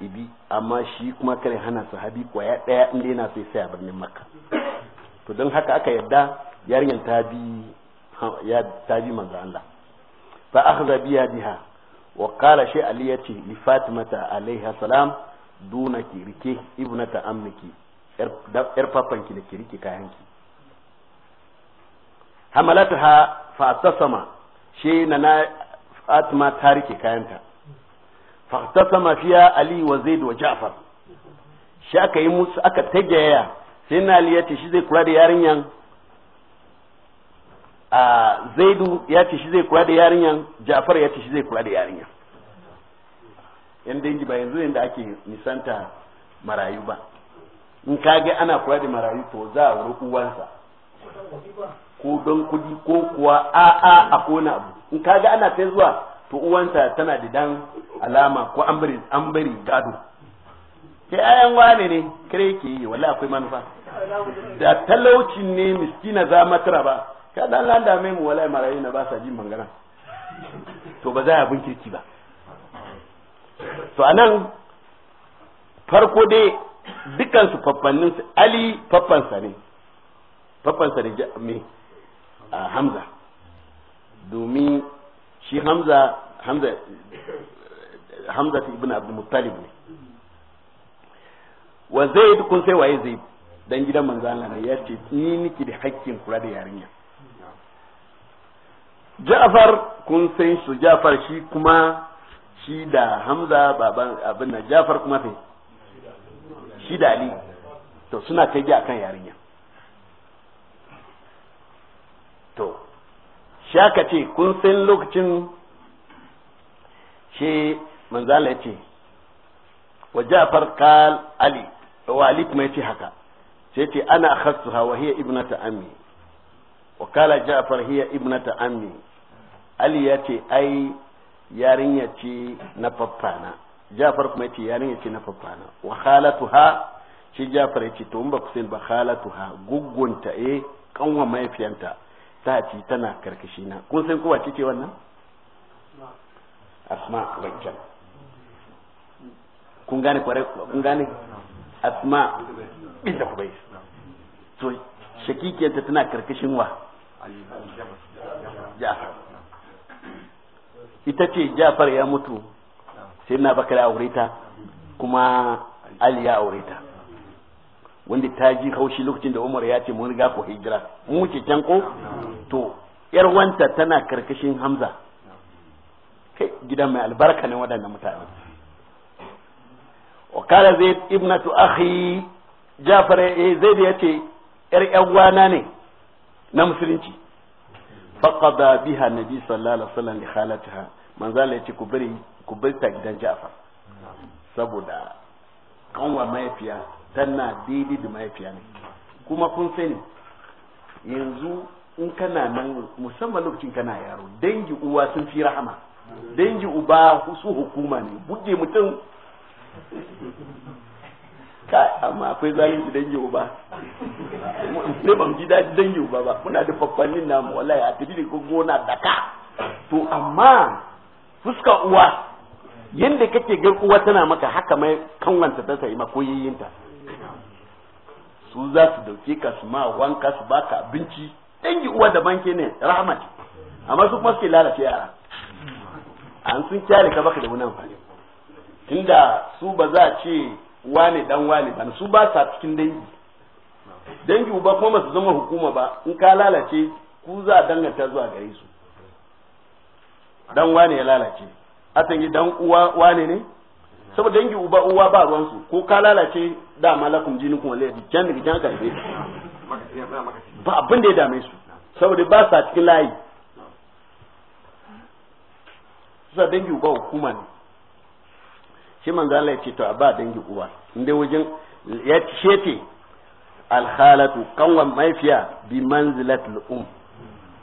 ibi amma shi kuma kare hana sahabi ya daya inda yana sai sai a birnin makka to don haka aka yarda yarinyar ta bi ya ta bi manzo Allah fa akhadha biya biha wa qala shi ali yace li fatimata Alayha salam duna ki rike ibnata amniki yar papanki da ki rike kayanki hamalataha fa tasama shi na fatima ta rike kayanta fa tasama fiya ali wa zaid wa ja'far shi aka yi musu aka tagaya sai na ali yace shi zai kula da yarinyan a zaidu ya ce shi zai kula da yarinyan jafar ya ce shi zai kula da yarinyan yan dangi ba yanzu yanda ake nisanta marayu ba in ka ga ana kula da marayu to za a wuri uwansa ko don kudi ko kuwa a'a a kona abu in ka ga ana ta zuwa to uwansa tana da dan alama ko an bari gado ke ayan wane ne kare ke yi wala akwai manufa
da talaucin
ne miskina za matara ba Ka dan lan dame mu wallahi marayi na ba sa jin magana to ba za a bin kirki ba to anan farko dai dukkan su faffannin ali faffansa ne faffansa ne me a hamza domin shi hamza hamza hamza ibn abdul muttalib ne wa zaid kun sai waye zaid dan gidan manzo Allah ne ya ce ni niki da hakkin kula da yarinya Ja'far kun san su Ja'far shi kuma shi da Hamza baban abin nan Ja'far kuma sai shi da Ali to suna kai ji akan yarinya to shi aka ce kun san lokacin shi manzala ya ce wa Ja'far kal Ali wa Ali kuma ya ce haka sai ce ana akhasuha wa hiya ibnatu ammi wakala ja'far hiya ibnata ammi ali ya ce ai yarinya ce na faffana ja'far kuma yace yarinya ce na faffana wa khalatuha shi ja'far yace to in ba ku ba khalatuha guggunta eh kanwa mahaifiyanta ta ci tana karkashi na kun san kowa ce wannan asma bakkan kun gane kware kun gane asma bin da kubai to shakikiyarta tana karkashin wa ita ce jafar ya mutu sai na bakar aure ta kuma ali ya aure ta wanda ta ji haushi lokacin da umar ya ce mun riga ku hijira mu ce can ko to yar wanta tana karkashin hamza kai gidan mai albarka ne waɗannan mutane wa kala zaid ibnatu akhi jafar eh zaid ce yar yan wana ne na musulunci faqada biha nabi sallallahu alaihi wasallam li khalatiha manzo yace ku bari ku ta gidan Ja'far saboda kanwa mafiya tana daidai da mayafiya ne kuma kun sani yanzu in kana nan musamman lokacin kana yaro dangi uwa sun fi rahama dangi uba su hukuma ne buge mutum kai amma akwai zalin dan yau ba ne ban ji daji dan yau ba ba muna da fafannin namu wallahi a tafi ko gona daka to amma fuska uwa yanda kake gar uwa tana maka haka mai kanwanta ta sai ma koyayyinta su za su dauke ka su ma wanka su baka abinci dangi uwa da banke ne rahmat amma su kuma suke lalace yara an sun kyale ka baka da wani amfani tunda su ba za a ce wane dan wane ba su ba sa cikin dangi dangi ba kuma masu zama hukuma ba in ka lalace ku za a danganta zuwa gare su dan wane ya lalace asan yi dan uwa wane ne saboda dangi uba uwa ba ruwan su ko ka lalace da malakum jinukum wala yadi da daga can karbe ba abin da ya dame su saboda ba sa cikin layi sa dangi uba hukuma ne shi manzo Allah ya ce to a ba dangi uwa inda wajen ya shete alhalatu kanwan maifiya bi manzilatul um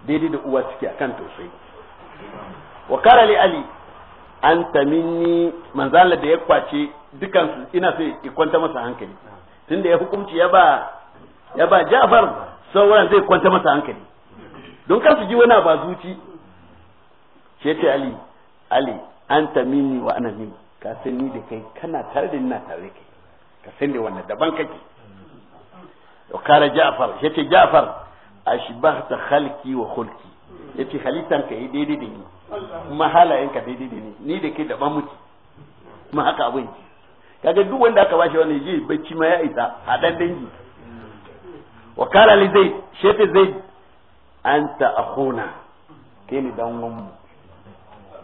daidai da uwa suke akan tausayi wa kara li ali an minni manzo Allah da ya kwace dukan su ina sai ya kwanta masa hankali tunda ya hukunci ya ba ya ba Ja'far sauran zai kwanta masa hankali don kar su ji wani ba zuci shi Ali Ali anta minni wa ana minni ka san ni da kai kana tare da ina tare kai ka san da wannan daban kake to kare Ja'far yace Ja'far ashbahta khalqi wa khulqi yace halittan ka yi daidai da ni kuma halayen ka daidai da ni ni da kai daban muke kuma haka abin ki kaga duk wanda aka bashi wannan ji bacci ma ya isa hadan dangi wa kare li zaid shefe zaid anta akhuna kene dan mu.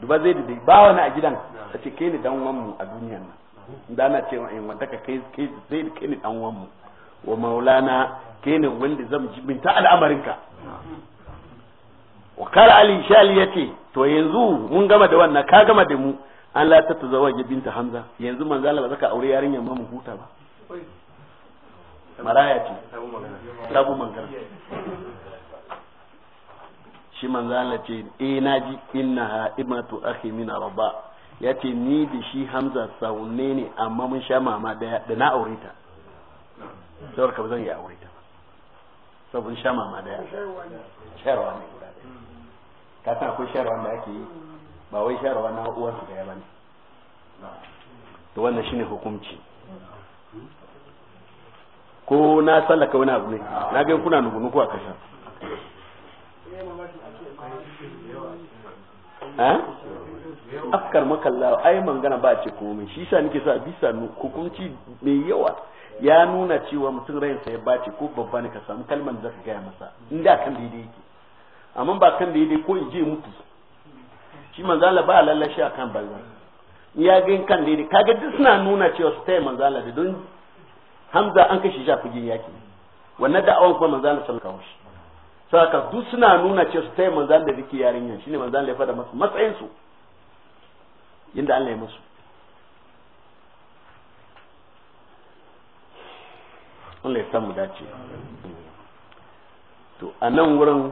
duba zai da ba wani a gidan a ce kai ne dan wanmu a duniyan nan da na cewa in eh, wanda ka kai zai da kai ne dan wanmu wa maulana kai ne wanda zan jibinta al'amarinka
wa kar ali
shali yace to yanzu mun gama da wannan ka gama da mu an la ta tazawaje binta hamza yanzu manzo Allah ba zaka aure yarinyar mu huta ba maraya ce sabu mangara shi manzala ce eh naji innaha imatu akhi min arba yace ni da shi hamza saune ne amma mun sha mama daya da na aure ta saboda ka bazan ya aure ta saboda sha mama daya sharwa ne ka san akwai sharwa da ake yi ba wai sharwa na uwar uwarsu daya bane to wannan shine hukunci ko na sallaka wani abu ne na ga kuna nugu nugu a kasa afkar makalla ai mangana ba ce komai shi sa nake sa bisa hukunci mai yawa ya nuna cewa mutum rayansa ya bace ko babba ne ka samu kalmar da zaka gaya masa inda kan daidai yake amma ba kan daidai ko in je mutu shi manzala ba lallashi akan banza ya ga kan daidai kaga duk suna nuna cewa su taya manzala da don hamza an kashe shi a fagen yaki wannan da'awan kuma manzala sun kawo shi saka duk suna nuna ce su taya manzan da zike yarinya shine manzan ya fada masu matsayin su inda Allah ya musu Allah ya samu dace to a nan wurin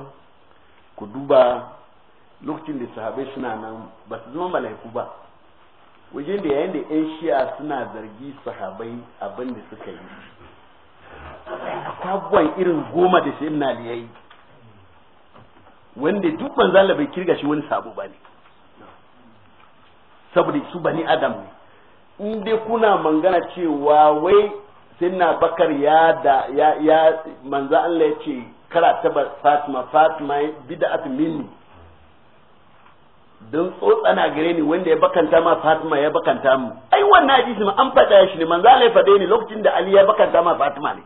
ku duba lokacin da sahabai suna nan ba su zama mala'iku ba wajen da yayin da 'yan shi'a suna zargi sahabai abin da suka yi akwai irin goma da shi na liyayi wanda duk manzo Allah bai kirga shi wani sabo ba ne saboda su bani adam ne in dai kuna mangana cewa wai sinna bakar ya da ya ya manzo Allah ya ce kara taba Fatima Fatima bid'at minni don tsotsana gare ni wanda ya bakanta ma Fatima ya bakanta mu ai wannan hadisi ma an faɗa shi ne manzo Allah ya faɗe ni lokacin da Ali ya bakanta ma Fatima ne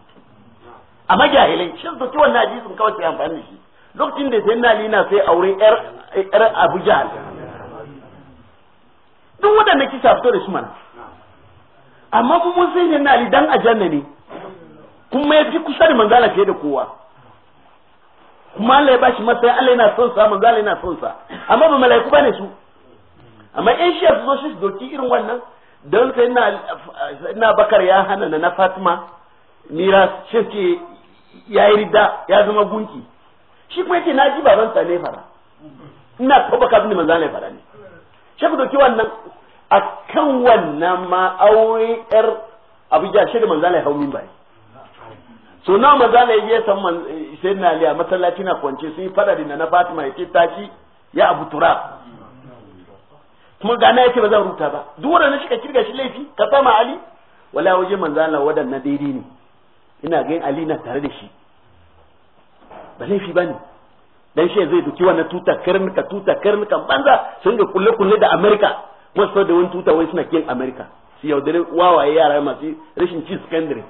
amma jahilai shin to ki wannan hadisin kawai sai amfani shi lokacin da sai na lina sai auren yar abuja jahal duk waɗanda kisa fito da shi mana amma kuma mun sai na ali dan ajanna ne kuma ya fi kusa da manzala fiye da kowa kuma Allah ya bashi matsayin Allah yana son sa manzala yana son sa amma ba mala'iku bane su amma in shi su zo shi doki irin wannan don sai na bakar ya hana na fatima mira shi ke ya yi ya zama gunki shi kuma yake na ji baban sa ne fara ina toba ka bin manzo ne fara ne shi ku doki wannan akan wannan ma aure yar abuja shi da manzo ne hau min bai so na manzo ne ya san sai na liya masallaci na kwance sun yi fada da na Fatima yake tashi ya Abu Turab kuma gana yake ba zan ruta ba duk wanda shi ka kirga shi laifi ka sama Ali wala waje manzo Allah wadannan daidai ne ina ga Ali na tare da shi ba laifi ba ne dan shi zai duki wannan tuta karnuka tuta karnuka banza sun ga kulle kulle da amerika kuma su da wani tuta wai suna kiyan amerika su yaudare wawaye yara masu rashin ci secondary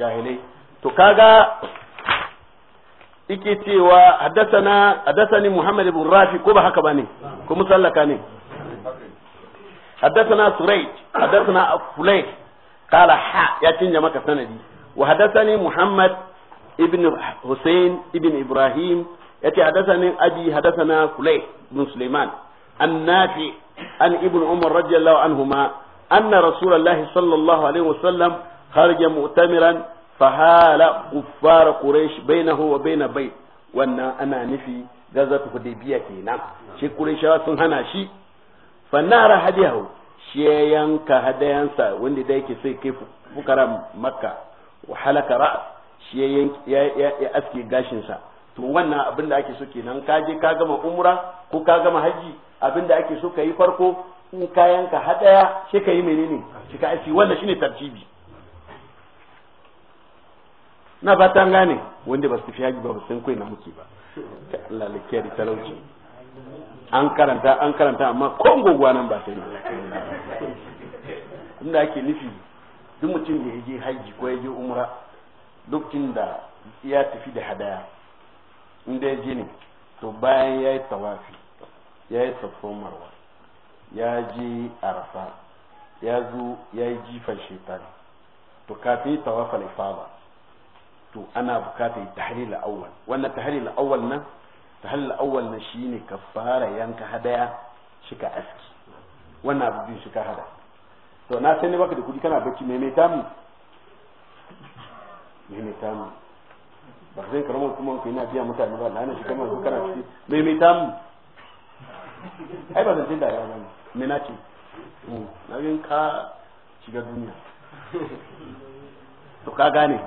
jahilai to kaga ike cewa haddasana haddasani Muhammad ibn Rafi ko ba haka bane ko musallaka ne haddasana Surayd haddasana Fulayk qala ha ya cinja maka sanadi وحدثني محمد ابن حسين ابن إبراهيم يتي حدثني أبي حدثنا كليه بن سليمان النافع عن ابن عمر رضي الله عنهما أن رسول الله صلى الله عليه وسلم خرج مؤتمرا فهال كفار قريش بينه وبين بيت وأن أنا نفي غزوة حديبية كينا شي قريش هنا شي فنار هديه shi ya yanka hadayansa wanda da yake sai kai fukara makka wa halaka ra shi ya aske gashinsa to wannan abin da ake so kenan ka je ka gama umra ko ka gama haji abin da ake so ka yi farko in kayan ka hadaya sai ka yi menene shi ka aski wannan shine tartibi na fatan gane wanda ba su fi haji ba ba san kai na muke ba Allah lakiya talauci an karanta an karanta amma ko gogwa nan ba ta yi inda ake nufi duk mutum da ya je haji ko ya je umra lokacin da ya tafi da hadaya inda ya je ne to bayan ya yi tawafi ya yi marwa ya je arafa ya zo ya yi jifan shaitan to kafin yi tawafa ifaba to ana bukata yi tahlil awwal wannan tahlil awwal nan tahlil awwal nan shine ka fara yanka hadaya shika aski wannan abu shi ka to na sai ne baka da kudi kana bacci tamu mai mai tamu ba zai karamar kuma kai na biya mutane ba lana shi kama su kana ciki mai tamu ai ba zan da yawa ne me na ce hmm, na yin ka shiga duniya to ka gane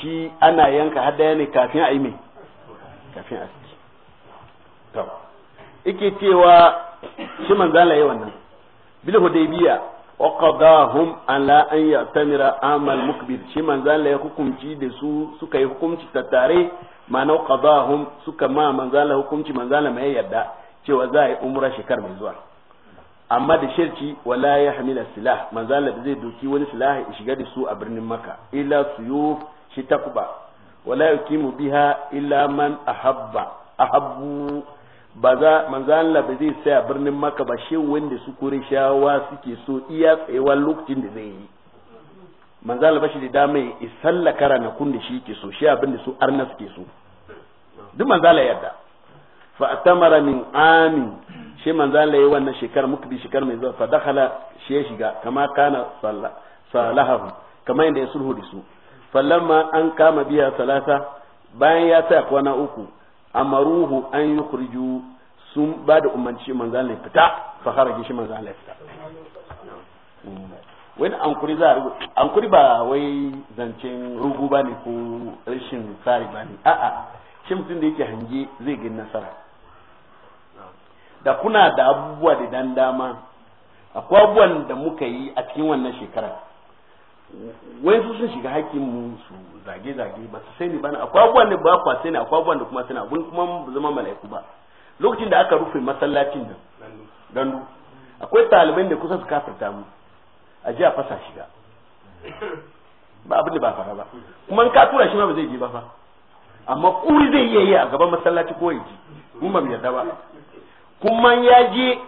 shi ana yanka hadaya ne kafin a yi mai kafin a ciki to ike cewa shi manzala yi nan bil hudaybiya وقضاهم على أن يأتمر عام المقبل شي من ذا لا يحكم شي دسو سكا يحكم شي تتاري ما نو قضاهم سكا ما من ذا لا شي من ذا لا ما يدا cewa za a yi umra shekar mai zuwa amma da shirki wala ya hamila silah manzo Allah zai doki wani silah ya shiga da su a birnin Makka illa suyuf shi takuba wala biha illa man ahabba ba za manzo Allah ba zai tsaya birnin Makka ba shi wanda su kore shawa suke so iya tsayewa lokacin da zai yi manzo Allah ba shi da dama ya isalla karanakun da shi yake so shi abin da su arna suke so duk manzo Allah yarda fa atamara min amin shi manzo Allah yayi wannan shekar muka bi shekar mai zuwa fa dakhala shi ya shiga kama kana salahu kama inda ya sulhu da su falamma an kama biya salasa bayan ya tsaya kwana uku amaruhu an yi kurju sun ba da umarci manzo fita fa kharaji shi fita wani ankuri za ankuri ba wai zancen rugu ba ne ko rashin tsari ba ne a'a shi mutum da yake hange zai gani nasara da kuna da abubuwa da dan dama akwai abubuwan da muka yi a cikin wannan shekara wani sun shiga hakkin mu su zage-zage ba su sani ba na akwai abubuwan da ba kwa sani akwai abubuwan da kuma suna abun kuma zama mala'iku ba lokacin da aka rufe masallacin nan gandu akwai talibai da kusa su kafirta mu a ji a fasa shiga ba abin da ba fara ba kuma in ka tura shi ma ba zai je ba fa amma kuri zai iya yi a gaban masallaci ko yaji mun ba mu yarda ba kuma ya je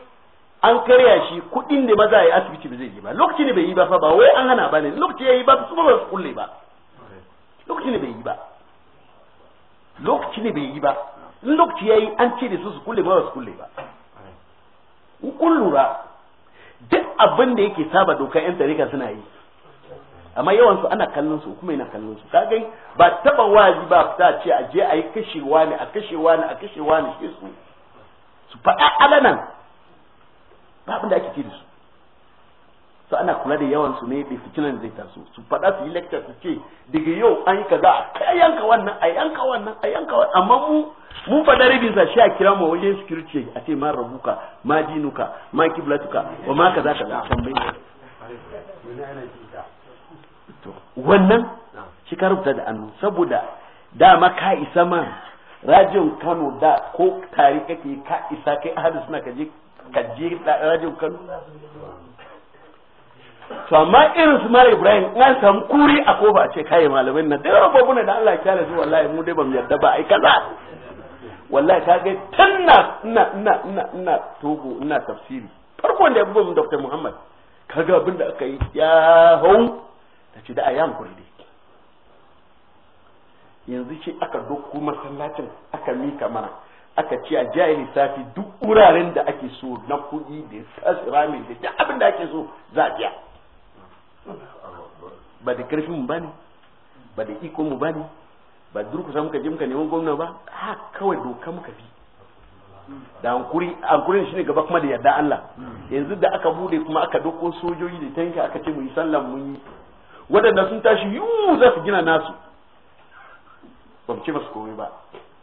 an karya shi kuɗin da ba za a yi asibiti ba zai je ba lokaci ne bai yi ba fa ba wai an hana ba ne lokaci ya yi ba su ba su kulle ba lokaci ne bai yi ba lokaci ne bai yi ba in lokaci ya yi an ce da su su kulle ba su kulle ba kun lura duk abin da yake saba doka yan tarika suna yi amma yawan su ana kallon su kuma yana kallon su gani ba taba wazi ba ta ce a je a yi kashewa ne a kashewa ne a kashewa ne shi su su faɗa alanan ba abin da ake ce da su ana kula da yawan su ne da fitinan zai taso su faɗa su yi lecture su ce daga yau an yi kaza a yanka wannan a yanka wannan a yanka wannan amma mu mun faɗa rabin sa shi a kira mu su kirce a ce ma rabuka ma dinuka ma kiblatuka wa ma kaza kaza bai to wannan shi ka rubuta da annu saboda dama ka isa ma rajiyon Kano da ko tare kake ka isa kai ahadu suna kaje kaje rajin Kano to amma irin su mara ibrahim an samu kuri a ko ba ce kai malamin nan dai rabu ne da Allah ya kyale su wallahi mu dai bamu yarda ba ai kaza wallahi ka ga tanna na, na, na, na togo ina tafsiri farkon da abubuwan dr muhammad kaga abin da aka yi ya hau ta ce da a yan kurdi yanzu ce aka dokko masallacin aka mika mana aka ci a jiya lissafi duk wuraren da ake so na kuɗi da ramin da duk abin da ake so za a ba da karfin mu bane ba da iko mu bane ba durkusa muka je muka neman gwamna ba ha kawai doka muka bi da hankuri hankurin shine gaba kuma da yadda Allah yanzu da aka bude kuma aka doko sojoji da tanka aka ce mu yi sallan mun yi waɗanda sun tashi yu za su gina nasu ba mu ce ba su komai ba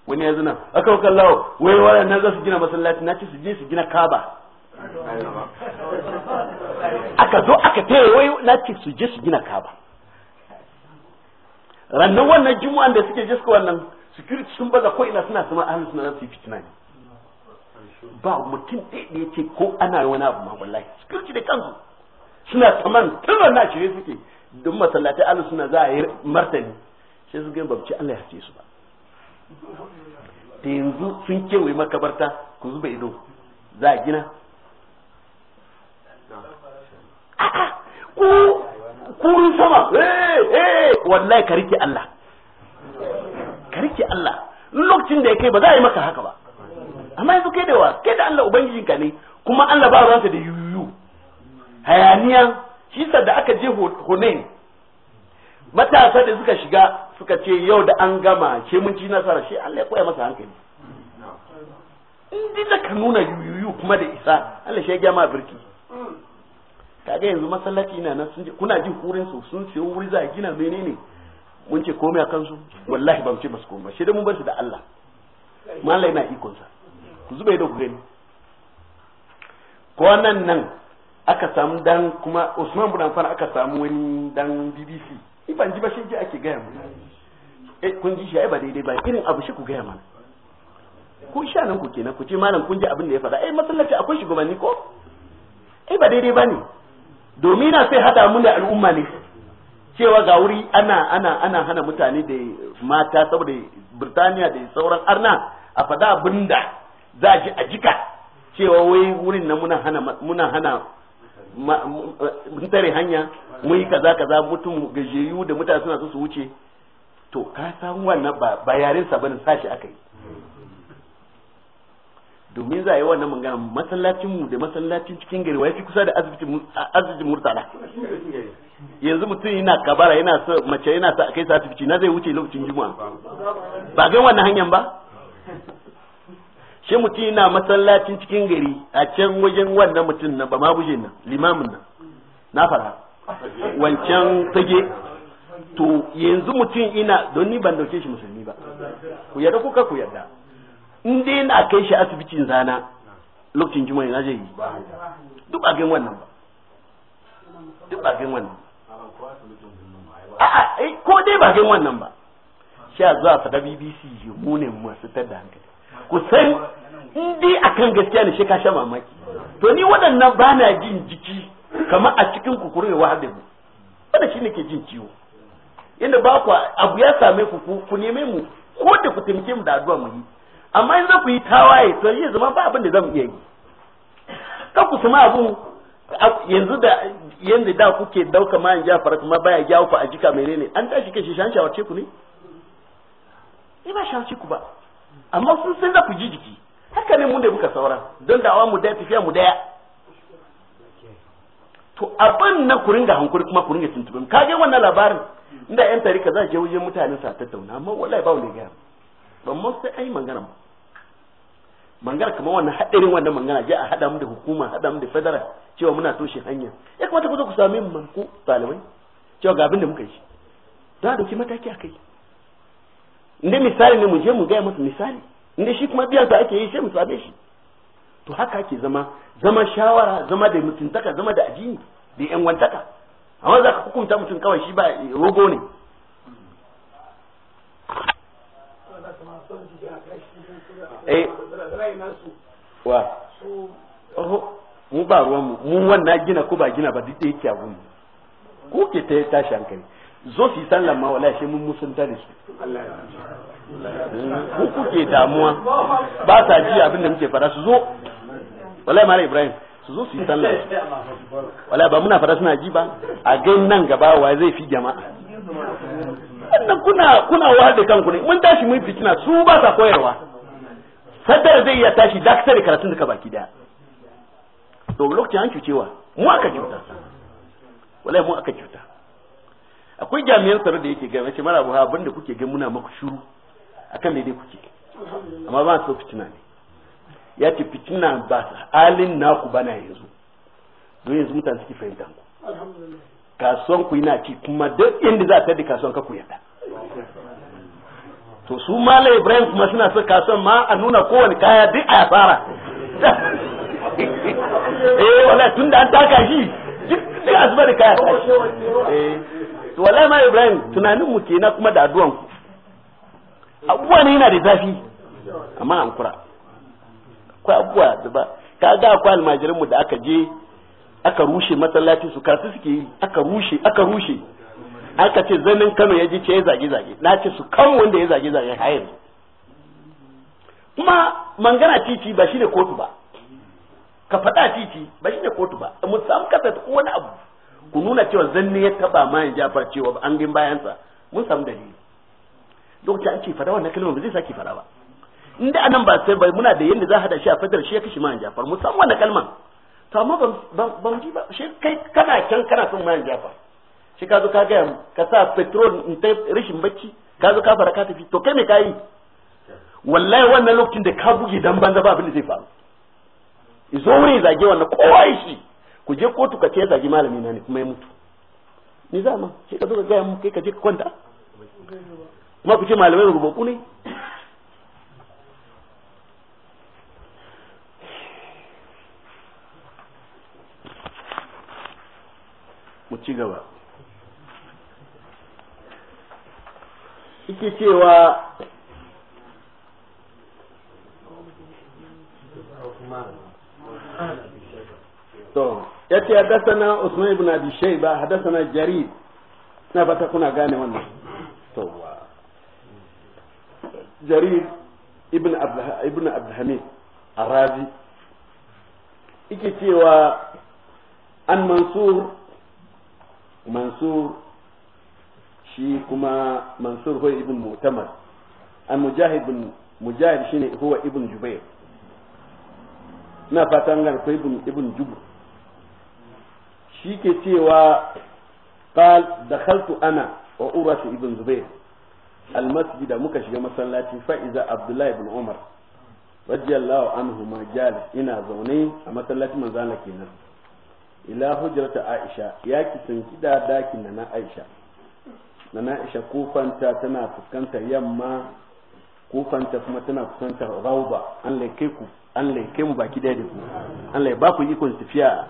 wani yanzu nan aka wa kallawa wai wadanda za su gina masallaci na ce su je su gina kaba aka zo aka taya wai na ce su je su gina kaba rannan wannan juma'an da suke jiska wannan security sun baza ko ina suna sama ahlus sunna su fitina ne ba mutum ɗaya da ce ko ana wani abu ma wallahi security da kansu suna taman tun na shirye suke duk masallatai ahlus sunna za a yi martani sai su ga babci Allah ya ce su ba da yanzu sun kewaye makabarta ku zuba ido za a gina ku kurun sama eh eh wallahi ka rike Allah ka rike Allah lokacin da ya kai ba za a yi maka haka ba amma yanzu kai da wa kai da Allah ubangijinka ne kuma Allah ba ruwansa da yuyu hayaniya shi da aka je Hunain matasa da suka shiga suka ce yau da an gama ke mun ci nasara shi Allah ya koya masa hankali in da ka nuna yuyu kuma da isa Allah shi ya gama birki kaga yanzu masallaci na nan sun kuna jin kurin su sun siyo wuri za a gina menene mun ce komai a kansu wallahi ba mu ce basu komai shi da mun bar shi da Allah mallai na ikon sa ku zuba ido ku gani ko nan nan aka samu dan kuma Usman bin Affan aka samu wani dan BBC ni ban ji ba shi ji ake gaya mana eh kun ji shi ai ba daidai ba irin abu shi ku gaya mana ku sha nan ku kenan ku ce mallam kun ji abin da ya faɗa eh masallaci akwai shugabanni ko eh ba daidai ba ne domin na sai hada mu da al'umma ne cewa ga wuri ana ana ana hana mutane da mata saboda Birtaniya da sauran arna a fada abinda za a ji a jika cewa wai wurin na muna hana muna hana hanya mu yi kaza kaza mutum gajeyu da mutane suna so su wuce to ka san wannan ba bayarin sa bane sashi aka yi domin za a yi wannan magana masallacin mu da masallacin cikin gari wai fi kusa da asibitin murtala yanzu mutum yana kabara yana sa mace yana sa kai sa asibiti na zai wuce lokacin juma'a ba ga wannan hanyar ba shi mutum yana masallacin cikin gari a can wajen wannan mutum na ba ma buje nan limamin nan na fara wancan fage to yanzu mutum ina don ni ban dauke shi musulmi ba ku yarda kuka ku yarda in dai na kai shi asibitin zana lokacin juma'a na zai yi duk ba gan wannan ba duk ba gan wannan
a'a eh, ko
dai ba gan wannan ba sha zuwa fada BBC yi ne masu tada hankali ku san in dai akan gaskiya ne shi ka mamaki to ni waɗannan ba na jin jiki kamar a cikin kukuru ya wahar da mu wanda shi ne ke jin ciwo yadda ba ku abu ya same ku ku neme mu ko da ku taimake mu da addu'a mu yi amma in za ku yi tawaye to yi zama ba abin da zan iya yi kan ku suma abu yanzu da yanda da kuke dauka mayan jafar kuma baya jawo ku a jika menene an tashi kai shan shawarce ku ne ni eh, ba shawarce ku ba amma sun san za ku ji jiki haka ne mun da muka saura don da mu daya tafiya mu daya to abin na ku ringa hankuri kuma ku ringa Ka ga wannan labarin inda yan tarika za je wajen mutane sa tattauna amma wallahi ba wani ya gaya ba mu sai ai magana ba mangar kamar wannan haɗarin wannan mangana je a haɗa mu da hukuma haɗa mu da federal cewa muna toshe hanya ya kamata ku zo ku sami mu man ku talibai cewa ga abin da muka yi za a dauki mataki a kai inda misali ne mu je mu gaya masa misali inda shi kuma biyan sa ake yi sai mu same shi to haka ake zama zama shawara zama da mutuntaka zama da ajini da yan wantaka amma za ka hukunta mutum kawai shi ba eh, rogo ne eh wa oho mu ba ruwan mu mu wannan gina ko ba gina ba duk yake abun ku ke ta tashi hankali zo fi sallan ma wala shi mun musunta da su
ku ke damuwa ba sa ji abin da muke fara su zo
wallahi mara ibrahim su zo su sallan wallahi ba muna fara suna ji ba a gan nan gaba wa zai fi jama'a
wannan kuna kuna wa
da kanku ne mun tashi mun fitina su ba sa koyarwa sadar zai iya tashi da kasar karatun ka baki daya to lokacin an cucewa mu aka cuta wallahi mu aka cuta akwai jami'an tsaro da yake gani ce mara buha abinda kuke gani muna maku shuru akan me dai kuke amma ba so fitina ne ya ce fitina ba halin naku bana yanzu don yanzu mutane suke fahimta ku kasuwan ku yana ci kuma duk inda za a da kasuwan ka ku yarda to su mala ibrahim kuma suna su kasan ma a nuna kowane kaya duk a fara eh wala tun da an taka shi
duk a zuba da kaya eh,
to wala ma ibrahim tunanin mu kenan kuma da aduwan ku abubuwa ne yana da zafi amma an kura akwai abubuwa da ba ka ga akwai almajirin mu da aka je aka rushe masallaci su karatu suke yi aka rushe aka rushe aka ce zanen kano ya ji ce ya zage zage na ce su kan wanda ya zage zage ha yanzu kuma mangana titi ba shi ne kotu ba ka faɗa titi ba shi ne kotu ba mu samu kasa ta wani abu ku nuna cewa zanne ya taba ma ya jafar cewa an gin bayansa mun samu dalili lokacin an ce fada wannan kalmar ba zai sake fara ba in anan ba sai ba muna da yanda za hada shi a fadar shi ya ma ya jafar musamman wannan kalmar to amma ban ji ba shi kai kana can kana son ma ya jafar shi ka zo ka gaya ka sa petrol in ta rashin bacci ka zo ka fara ka tafi to kai me ka yi wallahi wannan lokacin da ka buge dan banza ba abin da zai faru izo wuri zage wannan kowa shi ku je kotu ka ce zage malami na ne kuma ya mutu ni za ma shi ka zo ka gaya mu kai ka je ka kwanta kuma ku ce malamai ku ne mu ci gaba suke cewa to yace hadathana Usman ibn Abi Shayba hadathana Jarir na fata kuna gane wannan to Jarir ibn Abdullah ibn Abdulhamid Arazi yake cewa an Mansur Mansur shi kuma mansur huwa ibn mu'tamar an mujahid bin mujahid shine huwa ibn jubair ina fatan gan ko ibn ibn jubair shi ke cewa qal dakhaltu ana wa uratu ibn zubair da muka shiga masallaci fa'iza abdullahi ibn umar radiyallahu anhu ma jali ina zaune a masallacin manzana kenan ila hujrata aisha ya ki sun kida dakin na aisha na na'isha kufanta tana fuskantar yamma kufanta kuma tana fuskantar rauba an laike ku an laike mu baki daya da ku an laike ba ku ikon tafiya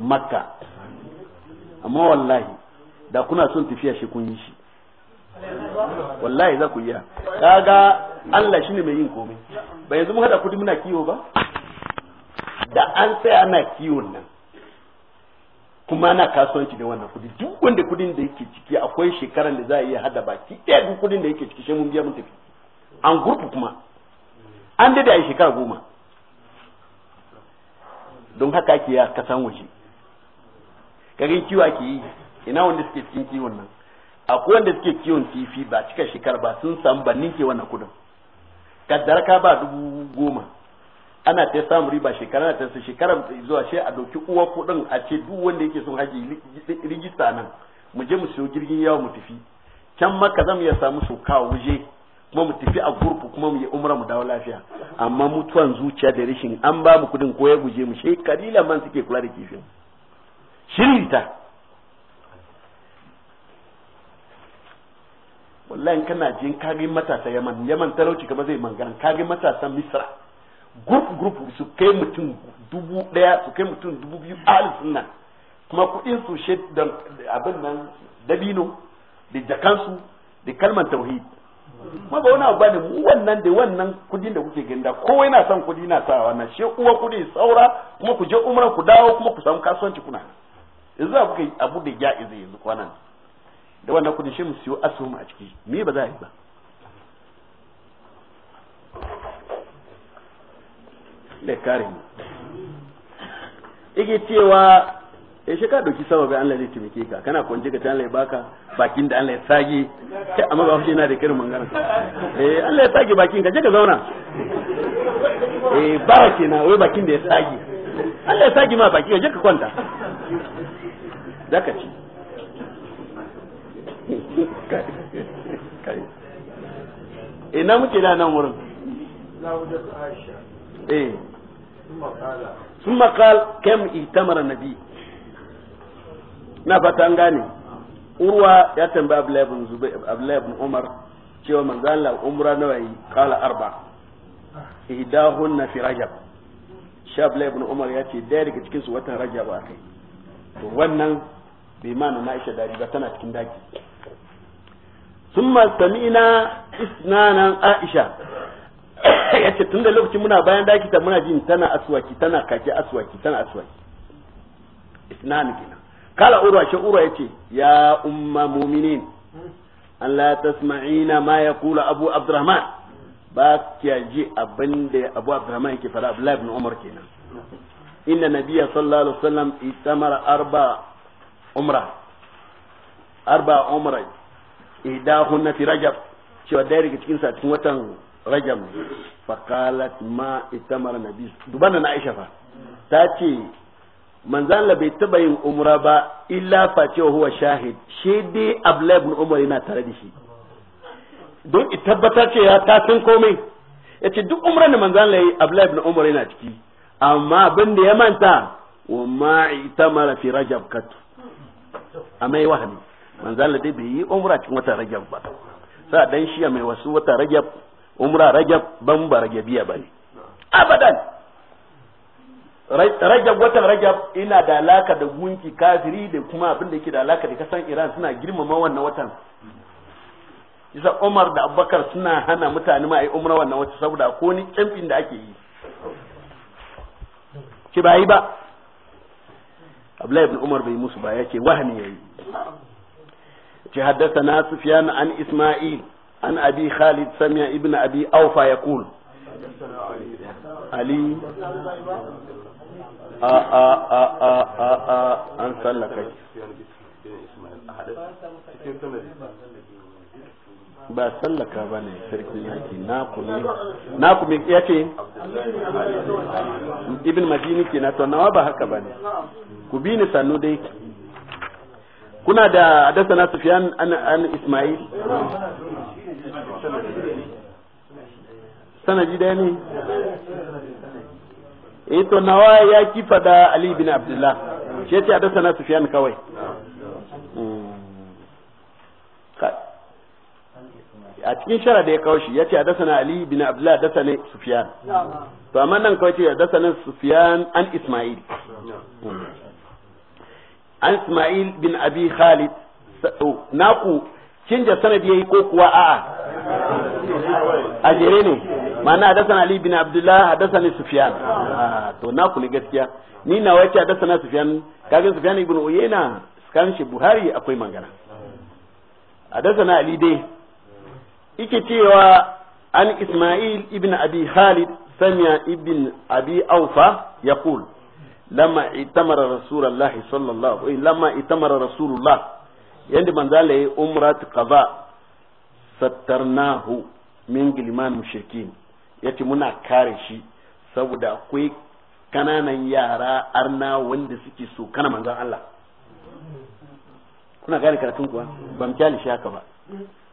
makka amma wallahi da kuna son tafiya shi kun yi shi
wallahi za ku iya
kaga Allah shine mai yin komai ba yanzu mun hada kudi muna kiwo ba da an sai ana kiwon nan kuma na kasuwanci da wannan kudi duk wanda kudin da yake ciki akwai shekaran da za a iya hada baki ɗaya duk kudin da yake ciki shi mun biya mun tafi an gurfu kuma an dade a shekara goma don haka ake ya kasan waje garin kiwo ake yi ina wanda suke cikin kiwon nan akwai wanda suke kiwon kifi ba cika shekara ba sun samu ba ninke wannan kudin kaddara ka ba dubu goma ana ta samu riba shekara ta su shekara zuwa shi a dauki uwa kudin a ce duk wanda yake son haji rigista nan mu je mu siyo jirgin yawo mu tafi can maka zamu ya samu su kawo waje kuma mu tafi a gurfu kuma mu yi umra mu dawo lafiya amma mutuwan zuciya da rashin an ba mu kudin ko ya guje mu shi kalila man suke kula da kifin shirinta wallahi kana jin kage matasa yaman yaman talauci kamar zai mangana kage matasan misra group group su kai mutum dubu daya su kai mutum dubu biyu alifin nan kuma kudin su shi da abin nan dabino da jakansu da kalmar tauhid kuma ba wani abu mu wannan da wannan kudin da kuke ganda kowai na san kudi na sawa wannan shi uwa kudi saura kuma ku je umra ku dawo kuma ku samu kasuwanci kuna yanzu abu kai abu da ya izi yanzu kwana da wannan kudin shi mu siyo asu a ciki me ba za a yi ba da kare mu yake cewa ya shi ka doki sama bai Allah zai taimake ka kana kwance ka ta Allah ya baka bakin da Allah ya tsage kai amma ba shi na da kirin mangana eh Allah ya tsage bakin ka je ka zauna
eh ba kenan wai bakin da ya tsage Allah ya tsage ma baki ka je ka kwanta
zaka ci ina muke da nan wurin
na wajen Aisha eh
sun makal kem itamar nabi na fatan gane urwa ya tambaya zubai ibn umar cewa manzo la umra nawa yi kala arba ihdahunna fi rajab sha abdullahi umar ya ce daya daga cikin su watan rajab a kai to wannan bai mana na isha dari ba tana cikin daki summa sami'na isnanan aisha ya ce tun da lokacin muna bayan daki ta muna jin tana aswaki tana kaki aswaki tana aswaki isnan kenan kala urwa shi urwa yace ya umma mu'minin an la tasma'ina ma yaqulu abu abdurrahman ba kiya ji abinda abu abdurrahman yake fara abdullahi ibn umar kenan inna nabiyya sallallahu alaihi wasallam itamara arba umra arba umra idahunna fi rajab cewa dai daga cikin sa cikin watan rajam faqalat ma itamara nabi duban na Aisha fa ta ce manzan la bai taba yin umra ba illa ce huwa shahid shi dai Abdullah ibn Umar yana tare da shi don i tabbata ce ya ta san komai yace duk umran da manzan Allah yi Abdullah ibn Umar yana ciki amma abin da ya manta wa ma itamara fi rajab kat amma yi wahani manzan Allah dai bai yi umra cikin wata rajab ba sa dan shi mai wasu wata rajab umra rajab ban ba biya ba ne abadan rajab watan rajab ina da alaka da gunki kafiri da kuma abin da yake da alaka da kasan iran suna girmama wannan watan isa umar da abubakar suna hana mutane ma a yi umra wannan wata saboda ko ni camfin da ake yi ki ba yi ba abdullahi ibn umar bai musu ba ya ce wahani ya yi ce haddasa na sufiyan an isma'il عن أبي خالد سمع ابن أبي أوفى يقول علي آآ آآ آآ أن سلكك ba sallaka ba ne sarkin yaki naku ne naku me yake ibn madini ke na nawa ba haka ba ne ku bi ni sannu dai kuna da adasa na sufyan an ismail sanadi daya ne eh to nawa ya kifa da ali bin abdullah shi yace dasa na sufiyan kawai hmm. a cikin shara da ya kawo shi yace dasa na ali bin abdullah dasa ne sufiyan? to amma nan kawai ce dasa ne sufiyan an isma'il hmm. an isma'il bin abi khalid oh, naku da sanadi yayi ko kuwa a'a a jere ne ma'ana hadasan ali bin abdullah hadasan sufyan ah, to na kuli gaskiya ni na wace hadasan sufyan kaga sufyan ibn uyayna kan shi buhari akwai magana hadasan ali dai yake cewa an isma'il ibn abi khalid sami'a ibn abi aufa yaqul لما itamara rasulullahi sallallahu alaihi الله عليه لما ائتمر رسول yadda manzala la yi umrat qaza sattarnahu min gilman mushrikin yace muna kare shi saboda akwai kananan yara arna wanda suke so kana manzon Allah kuna gane karatun kuwa ban kyale shi haka ba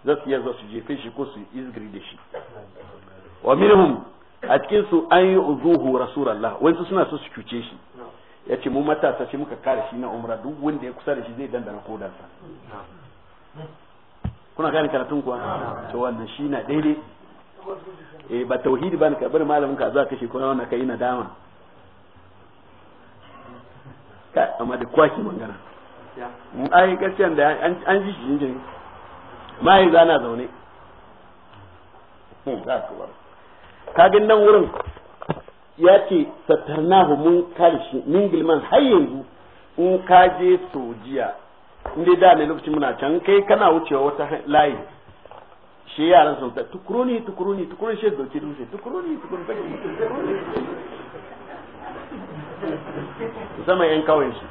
za su iya za su jefe shi ko su izgiri da shi wa minhum a cikin su an yi uzuhu rasulullah wai suna so su cuce shi ya ce mu matasa shi muka kare shi na umra duk wanda ya kusa da shi zai dandana kodarsa kuna gane karatun kuwa to wannan shi na daidai eh, ba tauhidi ba ne ka malamin ka za ka shi kuma wannan kai na dama ka amma da kwaki magana mu ai gaskiya da an ji shi injin mai zana zaune hmm, ka ga nan wurin ya ce satarnahu mun kare shi min gilman har yanzu in ka je sojiya inda da ne lokacin muna can kai kana wucewa wata layi shi yaran sun ta tukuro ne tukuro ne tukuro shi doke dutse tukuro ne tukuro ne tukuro ne sama yan kawai shi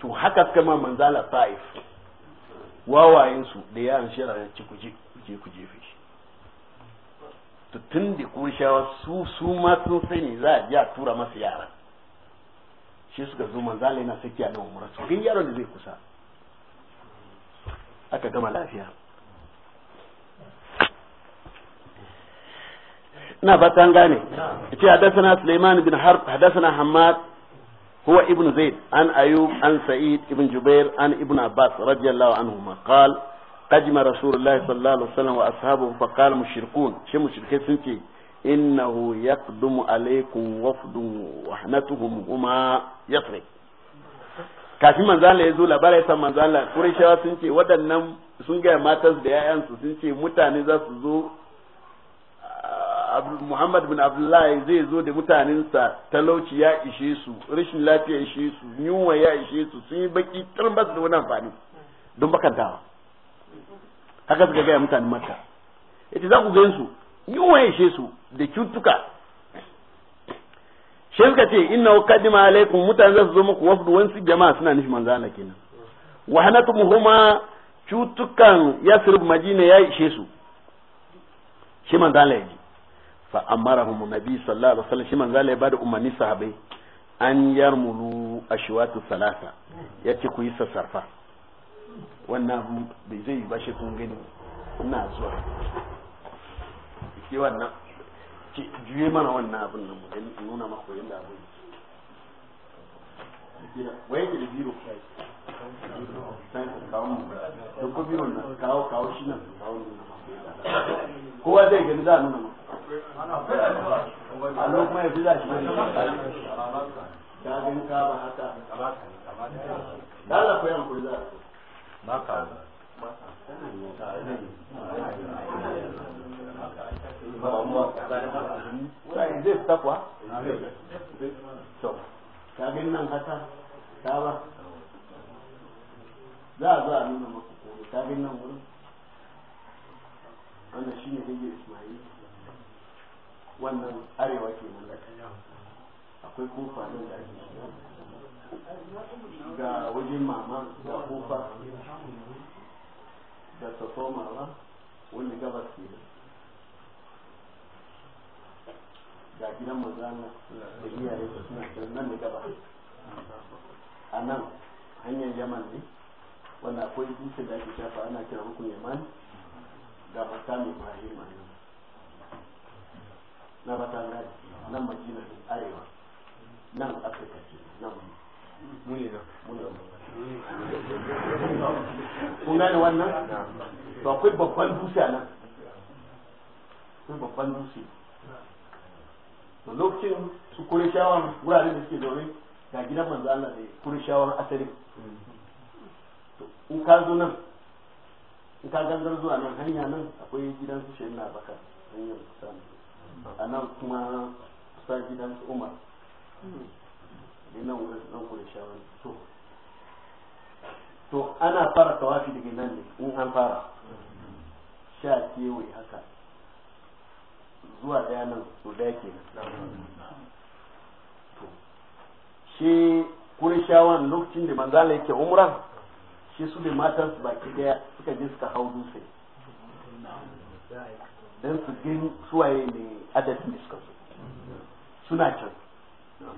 to haka suka ma manzala ta'if su da yaran shi yaran ci kuje kuje kuje to tun da kurishawa su su ma sun sani za a ji a tura masa yara shi suka zo manzala yana sakiya na umara su gan yaron da zai kusa aka gama lafiya ina fata an gane ce hadathana Suleiman bin Harb hadathana Hammad huwa ibn Zaid an Ayub an Sa'id ibn Jubair an ibn Abbas radiyallahu anhu qala قدم رسول الله صلى الله عليه وسلم وأصحابه فقال مشركون شو مشركين سنتي إنه يقدم عليكم وفد وحنتهم هما يطرب كافي من ذلك يزول labara ya san manzala kurishawa sun ce waɗannan sun gaya matansu da 'ya'yansu sun ce mutane Muhammad bin Abdullahi zai zo da mutanensa talauci ya ishe su, rashin lafiya ishe su, yunwa ya ishe su, sun yi baki ba da wani amfani don bakantawa. haka suka gaya mutanen makka ita za ku gansu yunwa ya ishe su da cutuka shi suka ce inna kadima alaikum mutane za su zo muku wafdu wansu jama'a suna nufi manzo Allah kenan wa huma cutukan yasrib madina ya ishe su shi manzo Allah ya ji fa amarahum nabi sallallahu alaihi wasallam shi manzo Allah ya bada umarni sahabbai an yarmulu ashwatu salasa yace ku yi sassarfa wannan abu bai zai ba shi kun gani ina zuwa ke wannan ki juye mana wannan abin nan mu nuna maka yanda abu waye ke da biro kawo mu duk biro na? kawo kawo shi nan kawo kowa zai gani za a nuna maka a lokacin ya fi za shi ne ka haka? ka ba haka lalakwai an kuri za a ba ka zai fita kuwa? to kagin nan haka ta ba za a zo a nuna maka kome kagin nan wurin wannan shi ne hanyar wannan arewa ke mallaka akwai kofa
da ake shiga ga wajen mama da kofa
da taso mama wani gabas ke ga gidan mazana da iyaye su suna nan da gabas a nan hanyar yaman ne wanda akwai dutse da ake shafa ana kira rukun yaman ga makamin ibrahim na batangare nan majina ne arewa
nan afirka ce nan mu ne na mu ne kun gane wannan to akwai babban dutse
nan akwai babban dutse to lokacin su kure shawan wuraren da suke zaune ga gidan manzo Allah ne kure shawan asali to in ka zo nan in ka gangar zuwa nan hanya nan akwai gidan su shehin Abubakar hanyar kusa a nan kuma kusa gidan su Umar nan wurin da to ana fara tawafi daga nan ne in an fara sha kewaye haka zuwa daya nan to daya ke to shi kurishawan lokacin da manzala yake umran shi su da matan su baki daya suka je suka hau dutse don su gani suwaye ne adadin da suka so suna
can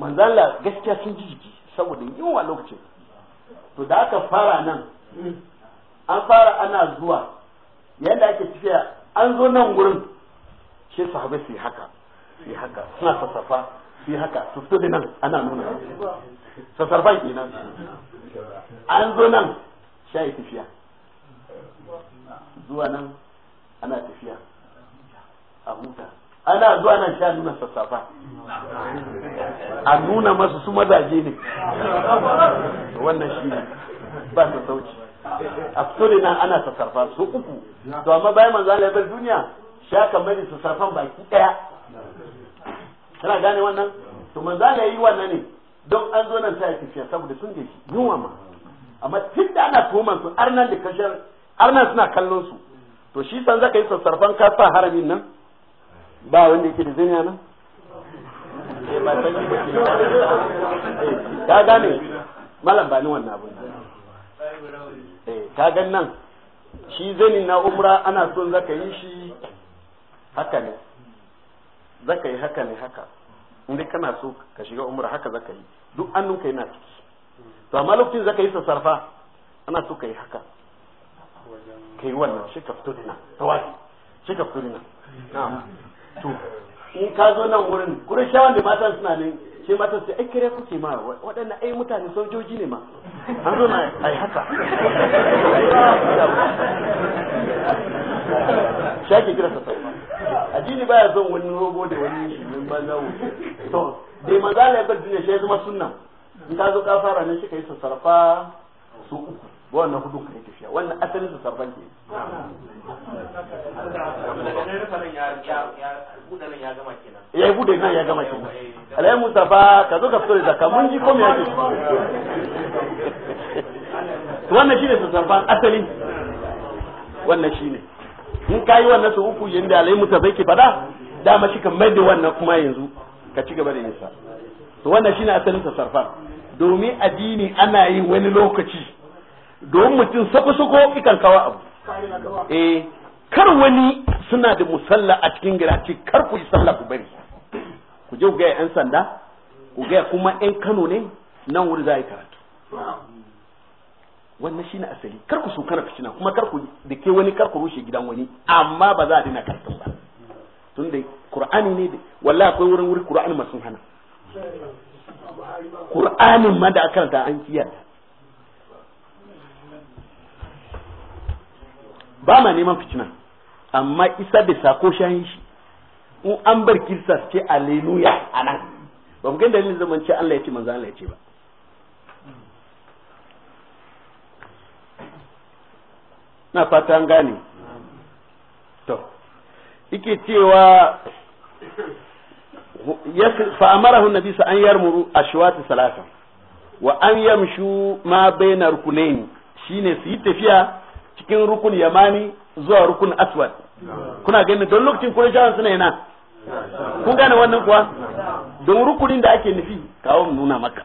manzala gaskiya sun ji jiki saboda yunwa lokacin to da aka fara nan an fara ana zuwa yadda ake tafiya an zo nan wurin shi sahabai su yi haka su yi haka suna sassafa su yi haka su fito da nan ana nuna sassarfan nan an zo nan sha yi tafiya zuwa nan ana tafiya a huta ana zuwa nan sha nuna sassafa
a nuna masu su mazaje ne wannan shi ne ba su sauci a fito da nan ana
sassafa su uku to amma bayan manzo Allah ya bar duniya sha kamar da sassafan baki daya kana gane wannan to manzo Allah yi wannan ne don an zo nan sai tafiya saboda sun ji shi yunwa ma amma tunda ana tuhumar su arnan da kashar arnan suna kallon su to shi san zaka yi sassafan ka sa haramin nan ba wanda yake da zanya nan
eh, ka gane
malam ba ni wannan abun eh, ka gan nan shi zanin na umra ana son zaka yi shi haka ne zaka yi haka ne haka inda kana so ka shiga umra haka zaka yi duk annunka yana ciki to amma lokacin zaka yi sarfa ana so ka yi haka ka yi wannan shi ka fito dina tawafi shi ka fito dina to in ka zo nan wurin gurin shawan da matan suna ne shi matan sai aikire kuke ma waɗannan ai mutane sojoji ne ma an zo na ai haka shaki kira sa sauka addini baya zon wani rogo da wani shirin banza wuce to dai manzo ya bar duniya shi ya zama sunna in ka zo ka fara nan shi kai sassarfa su uku wannan hudu kai tafiya wannan asalin su sarfan ke
ya eh, yi bude nan ya gama kenan alayi
mustafa ka zo ka fito da zaka mun ji ko me yake
wannan shine su sarfan asali
wannan shine in kayi wannan su uku yanda alayi mustafa ke fada dama shi ka mai da wannan kuma yanzu ka ci gaba da yin sa to wannan shine asalin sa sarfan domin addini ana yin wani lokaci domin mutum sako-sako ikan kawo abu eh kar wani suna da musalla a cikin gida ce kar ku yi sallah ku bari ku je ku ga yan sanda ku ga kuma yan Kano ne nan wuri za a yi karatu wannan shine asali kar ku so kana fitina kuma kar ku da ke wani kar ku rushe gidan wani amma ba za a dina karatu ba tunda qur'ani ne wallahi akwai wurin wuri qur'ani ma sun hana
qur'anin ma
da aka karanta an kiyar ba ma neman fitina amma isa da sako shayin shi in an bar kirsa ce aleluya a nan ba mu ga dalilin zaman ce Allah ya ce manzo Allah ya ce ba na fata an gane to yake cewa fa amarahu nabi sa an yarmuru ashwati salasa wa an yamshu ma bainar kulain shine su yi tafiya cikin rukun yamani zuwa rukun aswad kuna ganin don lokacin kurashawan suna yana kun gane wannan kuwa don rukunin da ake nufi kawo nuna maka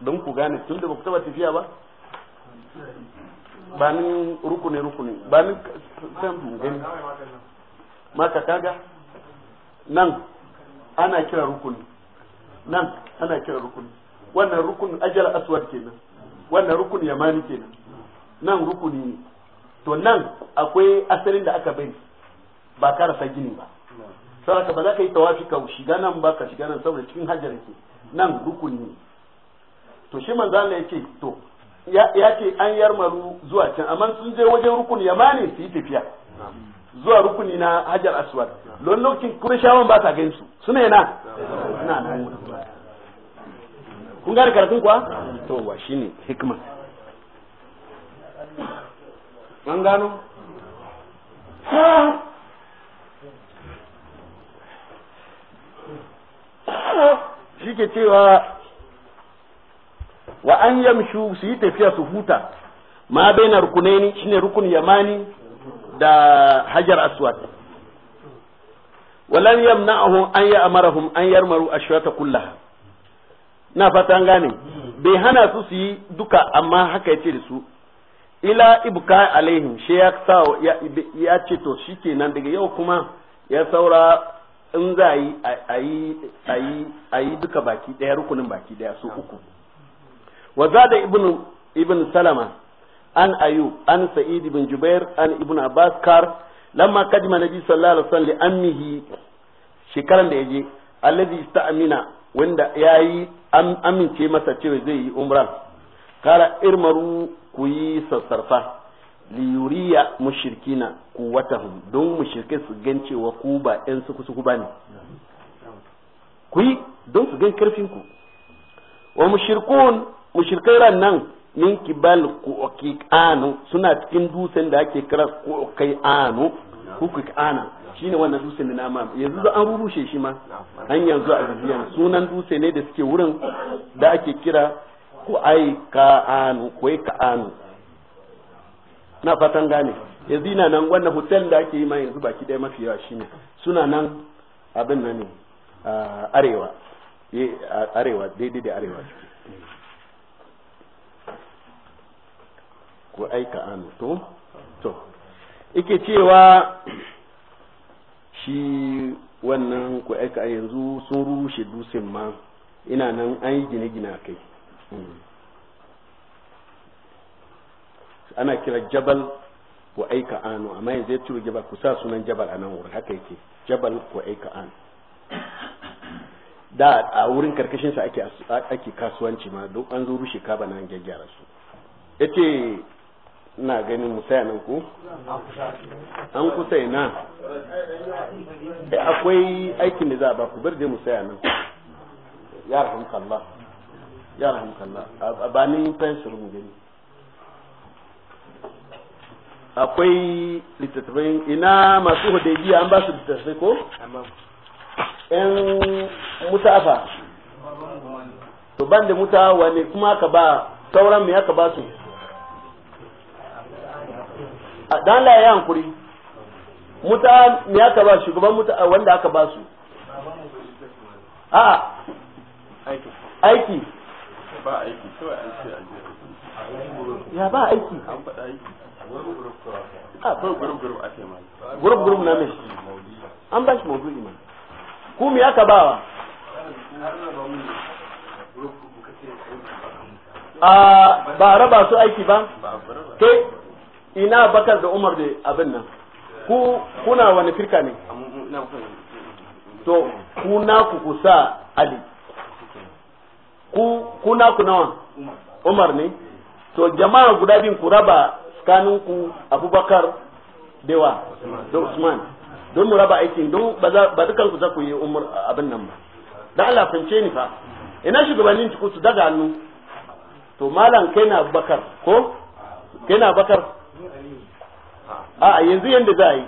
don ku gane tun da ba ku taba tafiya ba ba ni rukuni rukuni ba ni san gani maka kaga nan ana kira rukuni nan ana kira rukuni wannan rukun ajal aswad kenan wannan rukun yamani kenan nan rukuni ne to nan akwai asalin da aka bai ba karasa gini ba saboda ba za ka yi tawafi ka shiga nan ba ka shiga nan saboda cikin hajjar ke nan rukuni ne to shi manzo Allah ya to ya ce an yarmaru zuwa can amma sun je wajen rukun yamani su yi tafiya zuwa rukuni na hajar aswad don kuma kurashawan ba ta gan su suna yana na na kun gane karatun kuwa to wa shine hikma an gano shi ke cewa wa an yamshu su yi tafiya su huta ma ne shi ne rukun yamani da hajar aswad walan yamna'ahum an amarahum an yarmaru ashwata kullaha na fata gane bai hana su su yi duka amma haka ya ce da su ila ibka alaihim shi ya sa ya ce to shi shikenan daga yau kuma ya saura in za a yi a duka baki daya rukunin baki daya su uku wa da ibin ibn salama an ayu an sa'id ibn jubair an ibnu abbas kar lamma kadima nabi sallallahu alaihi wasallam li ammihi shekaran da yaje alladhi amina wanda ya yi amince masa cewa zai yi umran kara irmaru ku yi sassarfa liyuriya mushrikina kuwatahum don mushrikai su gan cewa ku ba ɗan suku suku ba ne ku yi don su gan karfin ku wa mushrikun mushrikai ran nan min kibal kuqiqanu suna cikin dutsen da ake kira kuqiqanu ana shine wannan dutsen da nama yanzu za an rurushe shi ma an yanzu a sunan dutse ne da suke wurin da ake kira ku ai ka anu ku ka anu na fatan gane yanzu ina nan wannan hotel da ake yi ma yanzu baki ɗaya mafi yawa shine suna nan abin nan ne arewa e, arewa daidai da arewa ai aika anu to to ike cewa shi wannan ku aika yanzu sun rushe dusin ma ina nan an yi gine-gine a kai Hmm. ana kira jabal wa aika anu amma yanzu ya ciro jabal ku sa sunan jabal a nan wurin haka yake jabal wa aika anu da a wurin karkashin sa ake ake kasuwanci ma duk an zo rushe ka bana an gyaggyara su yace ina ganin musaya nan ko
an kusa ina eh, akwai aikin da
za a ba ku bar da musaya nan ya rahmkallah ya rahmukalla ba ni fensir mu gani akwai littattafai ina masu hudaybiya an ba su littattafai ko yan mutafa to ban da mutawa wani kuma ka ba sauran me aka ba su a dan la ya hankuri muta me aka ba shugaban muta wanda aka ba su a aiki ba aiki ya ba aiki an an ba shi maudu'i ma ku mi aka bawa
a ba raba su aiki ba
ke ina bakar da umar da abin nan ku kuna wani firka ne
to ku na ku
kusa ali ku kuna ku nawa umar ne to jama'a guda bin ku raba tsakanin ku abubakar dewa da usman don mu raba aikin don ba dukan ku za ku yi umar abin nan ba dan Allah fahimce ni fa ina shugabannin ku su daga hannu to malam kai na abubakar ko kai na abubakar a yanzu yanda za a yi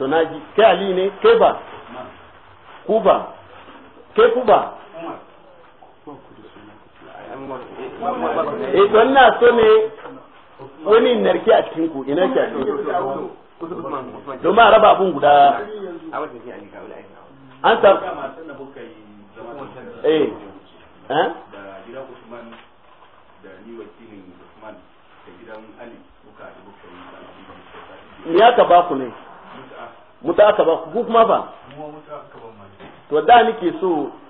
to na ji kai ali ne kai ba ku ba kai ku ba
eh to ina so ne wani narki a cikin ku ina ke a cikin don ma raba abun guda an sa eh eh
me aka ba ku ne muta aka ba ku kuma ba to da nake so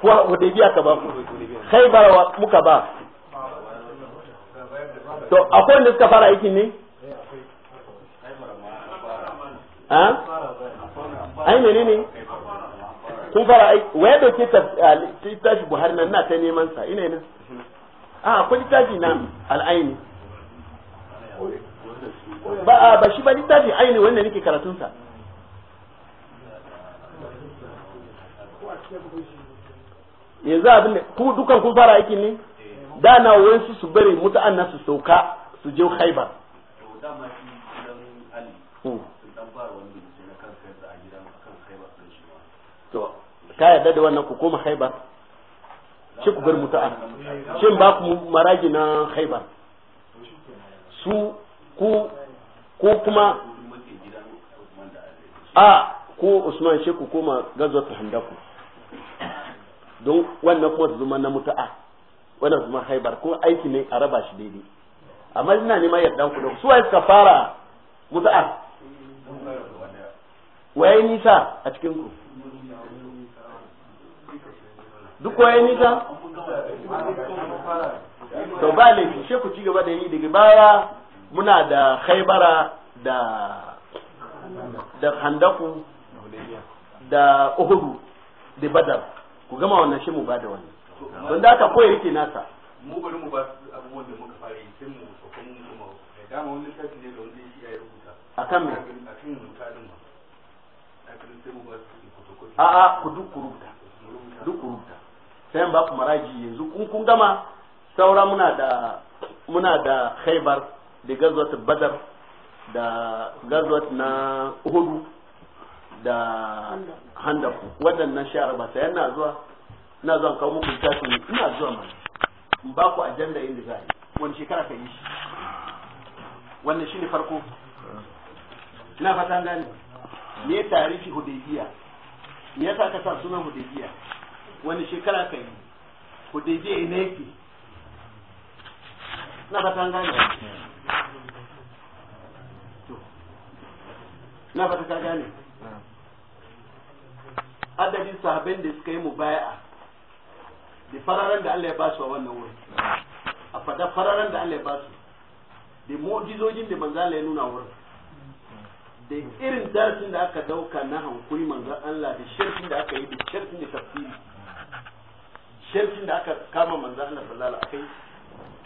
ko hudaybiya ka ba ku khaybar wa muka ba
to akwai wanda suka fara aikin ne ha ai menene kun fara
aiki waye da ta tashi buhari nan na ta neman sa ina ne a ah, akwai littafi nan al'aini ba a ba shi ba littafi aini wanda nake karatun sa za abin da ku dukan kun fara aikin ne da na wayansu su bari mutu'an su sauka su je Khaibar hmm. to ka yadda da wannan ku koma Khaibar
shi ku bar mutan shin ba ku
maraji na Khaibar su ku ko kuma a ko Usman shi ku koma gazwatu Handaku don wannan kuma su zama na mutu'a wannan su zama haibar ko aiki ne a raba shi daidai amma ina ma yardan ku da su waye suka fara mutu'a waye nisa a cikin ku duk waye nisa to ba laifi sai ku ci gaba da yi daga baya muna da haibara da da handaku da uhudu da badar ku gama wannan shi mu ba da wani don da aka koya yake nasa mu bari mu ba abubuwan da muka fara yi sai mu sokon mu mu eh, dama wani littafi ne da wani shi ya rubuta akan me akan mutanen ma
akan sai mu ba su fotokofi a a ku duk
rubuta duk ku rubuta sai ba ku maraji yanzu kun kun gama saura muna da muna da khaybar da gazwat Badar da gazwat na Uhud da handaku waɗannan shara ba sai na zuwa na zuwa kawo muku tafi ina zuwa ma in ba ku ajanda yin da wani shekara ka yi shi wannan shine farko ina fata gane me tarihi hudaybiya me yasa ka sa sunan hudaybiya wani shekara ka yi hudaybiya ina yake ina fata gane ina fata ka gane adadin sahabin da suka yi baya da fararen da Allah ya basu a wannan wuri a fada fararen da Allah ya basu da mu'jizojin da manzo Allah ya nuna wurin da irin darasin da aka dauka na hankuri manzo Allah da shirkin da aka yi da shirkin da tafsiri shirkin da aka kama manzo Allah sallallahu alaihi wasallam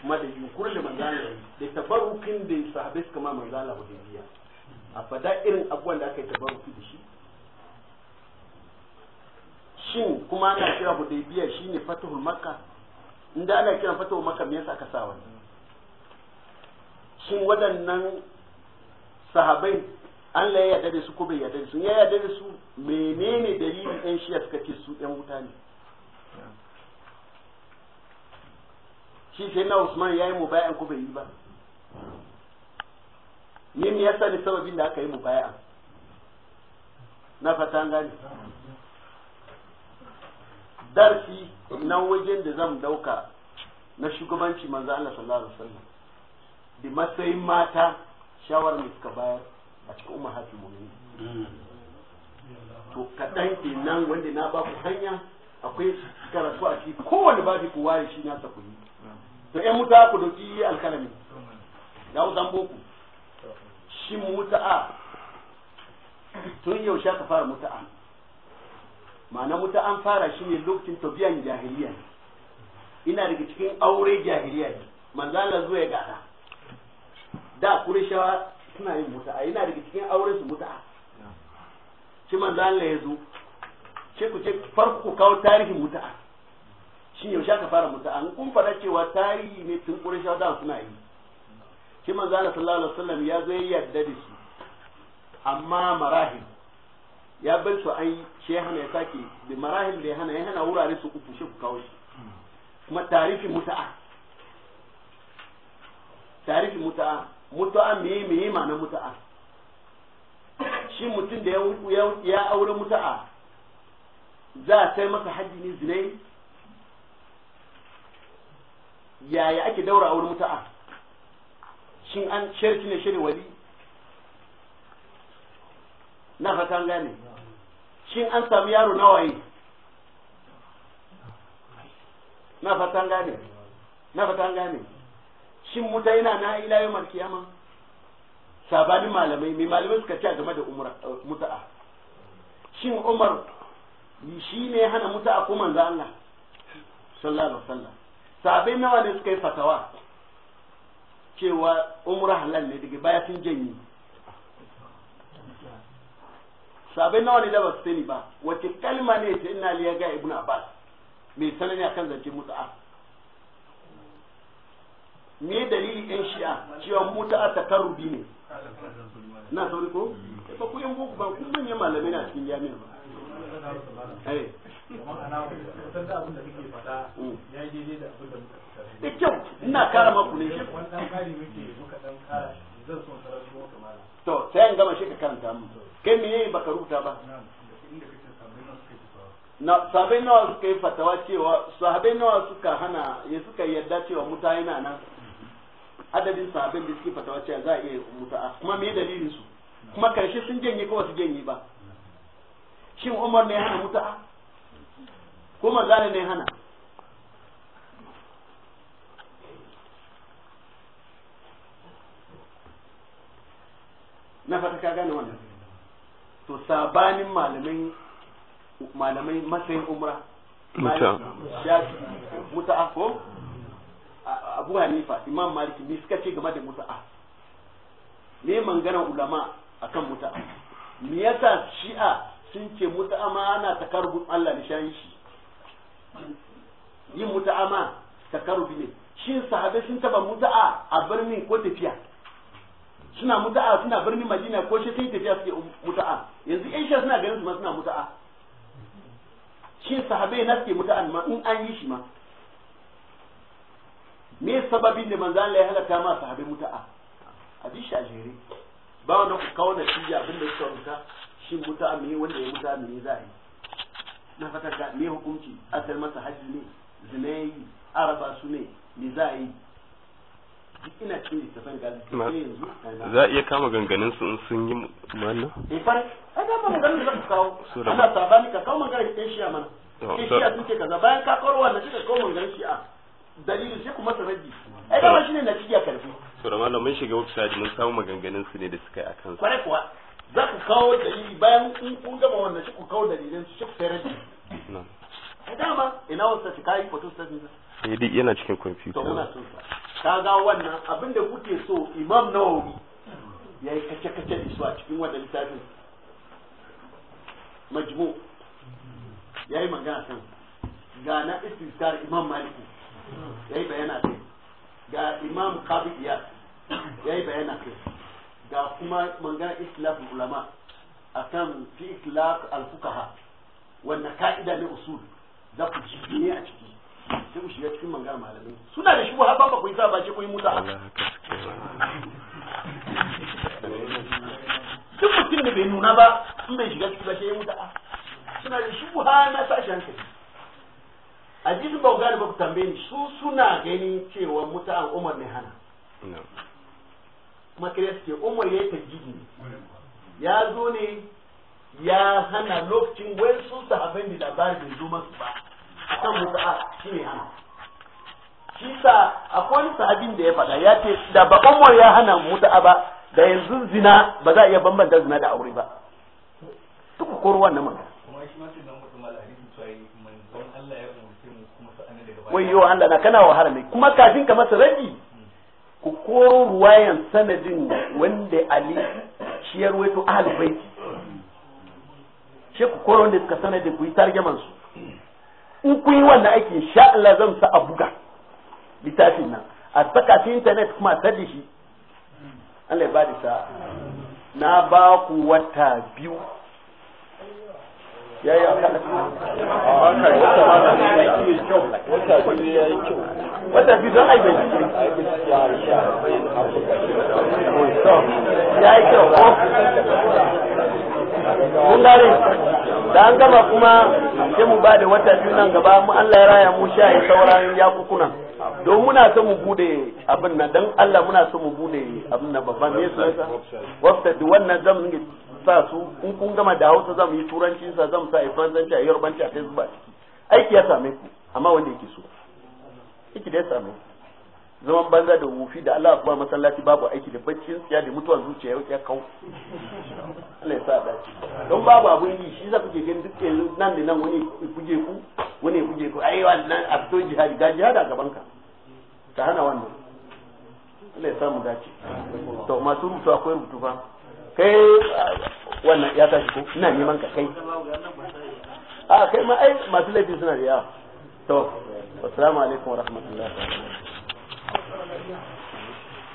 kuma da yunkurin da manzo Allah da tabarukin da sahabbai suka ma manzo Allah hudaybiya a fada irin abubuwan da aka yi tabaruki da shi shin kuma ana kira hudaybiya shine fatuhul makka inda ana kira fatuhul makka me yasa aka sa wani shin waɗannan sahabai an laye yarda da su ko bai yarda da su ya yarda da su menene dalilin ɗan shiya suka ce su ɗan wuta ne shi sai na Usman ya yi mubayan ko bai yi ba ne ya sani sababin da aka yi mubayan na fata an gane darsi na wajen da zan dauka na shugabanci manzo Allah sallallahu alaihi wasallam bi matsayin mata shawarar da suka bayar a cikin umma hafi mu'minin to kadan kenan wanda na ba ku hanya akwai karatu a ciki kowane babu ku waye shi ta ku yi to ƴan muta ku dauki alkalami da zan boku shi muta'a tun yaushe ka fara muta'a ma'ana wuta an fara shi ne lokacin tafiyan jahiliya ina daga cikin aure jahiliya ne manzala zuwa ga da da kurishawa suna yin a ina daga cikin aure su mutu'a shi manzala ya zo ce ku ce farko kawo tarihin mutu'a shi yaushe aka fara mutu'a an kun fara cewa tarihi ne tun kurishawa da suna yi shi manzala sallallahu alaihi wasallam ya zo ya yarda da shi amma marahim ya bar su an shi ya hana ya sake da marahil da ya hana ya hana wurare su uku shi ku kawo shi kuma tarifin muta'a tarifin muta'a muta'a meye meye ma'anar muta'a shi mutum da ya aure muta'a za a sai masa hajji ne zinai yaya ake daura aure muta'a shin an shirki ne shirin wali na fatan gane shin an samu yaro nawa yi na fatan gane na fatan gane shin muta yana na ila yau markiyama sabanin malamai mai malamai suka ce game da umar eh, muta'a shin umar shi ne hana muta'a ko manzo Allah sallallahu alaihi wasallam sabai nawa ne suka yi fatawa cewa umar halal ne daga baya sun janye sabai nawa ne da ba su sani ba wace kalma ne ta ina liya ga ibn abbas mai sanani akan zance mutu'a me dalili yan shi'a cewa karu takarrubi ne na sauri ko ba mm. ku yan boko ba kun manyan malamai na cikin jami'a ba eh. da kyau ina kara maku ne to sai an gama shi ka karanta mu kai me baka rubuta ba na sabai nawa suka yi fatawa cewa sahabai nawa suka hana ya suka yarda cewa muta yana nan adadin sahabin da suke fatawa cewa za a iya muta kuma me dalilin su kuma karshe sun janye ko su janye ba shin Umar ne hana muta ko manzana ne hana na fata ka gane wannan to sabanin malamai malamai matsayin umra shafi muta ko abu hanifa imam maliki ne suka ce game da a ne manganan ulama akan muta'a me yasa shi'a sun ce muta'a ma ana takarrubin Allah da shan shi yin muta'a ma takarrubi ne shin sahabe sun taba muta'a a birnin ko tafiya suna muta'a suna birnin madina ko shi sai tafiya suke muta'a yanzu yan sha suna ganin su ma suna muta'a shi sahabai na suke muta'a ma in an yi shi ma me sababin da manzo Allah ya halaka ma sahabai muta'a a bi shi a jere ba wanda ku kawo natija abin da suka rubuta shin muta'a me wanda ya muta'a me za a yi na fata ga me hukunci asal masa hajji ne zinai yi araba su ne me za a yi ina za a iya kama ganganin su in sun yi mana eh fara ai da maganganun da ka kawo mana oh, kaza bayan ka kawo wannan shi ka kawo dalilin kuma sanadi ai dama na cikiya karfi to da malamin shiga website mun samu maganganun su ne da suka yi a kuwa za ku kawo dalili bayan kun kun gama wannan shi ku kawo dalilin shi ku sai rabi ai dama ina wasa shi kai photo ne eh, sai dai yana cikin computer to kaga wannan abin da kuke so imam nawawi ya yi kace-kace da su a cikin wannan littafin majmu ya yi magana kan ga na istiskar imam maliki ya yi bayana kai ga imam kabiya ya yi bayana kai ga kuma magana istilaf ulama akan fi istilaf al-fuqaha wannan ka'ida ne usul za ku ne a ciki sai ku shiga cikin suna da shi ba ba ku yi sa ce ku yi musa duk mutum da bai nuna ba in bai shiga ciki ba sai ya mutu a suna da shi buha na sashi hankali a jikin ba ba ku tambaye ni su suna gani cewa mutu'an umar ne hana kuma kare suke umar ya yi tajjidi ne ya zo ne ya hana lokacin wasu su sahabai da labarin zo masu ba akan mutu'a shine hana shi sa akwai wani sahabin da ya faɗa ya ce da ba umar ya hana mutu'a ba da yanzu zina ba za a iya bambanta zina da aure ba
duk koro wannan magana
yau Allah na kana wahala ne kuma kafin ka masa rabi ku koro ruwayan sanadin wanda Ali shi ya ruwaito ahlul baiti shi ku koro da suka sanadin ku yi tarjaman su in kun yi wannan aiki sha Allah zan sa a buga littafin nan a saka shi internet kuma a sadi shi Allah ya ba sa na ba ku wata biyu ya yi wata
biyu kyau ko? da an gama kuma sai mu da wata biyu nan gaba mu Allah ya raya mu sha yi sauran kukuna don muna
so mu bude abin nan dan Allah muna so mu bude abin nan babban ne su wasta duk wannan zan yi sa su in kun gama da Hausa zan yi turanci sa zan sa ifansanci a Yarbanci a Facebook aiki ya same ku amma wanda yake so yake da ya same ku zaman banza da wufi da Allah ba masallaci babu aiki da baccin tsiya da mutuwar zuciya ya kau Allah ya sa dace don babu abun yi shi za ku je gani duk yanzu nan da nan wani kuje ku wani kuje ku ai wannan a fito jihadi ga jihada gaban ka ta hana wannan Allah ya sa mu dace to masu rubutu akwai rubutu fa kai wannan ya tashi ko ina neman ka kai a kai ma ai masu laifi suna da yawa to assalamu alaikum warahmatullahi wabarakatuh wa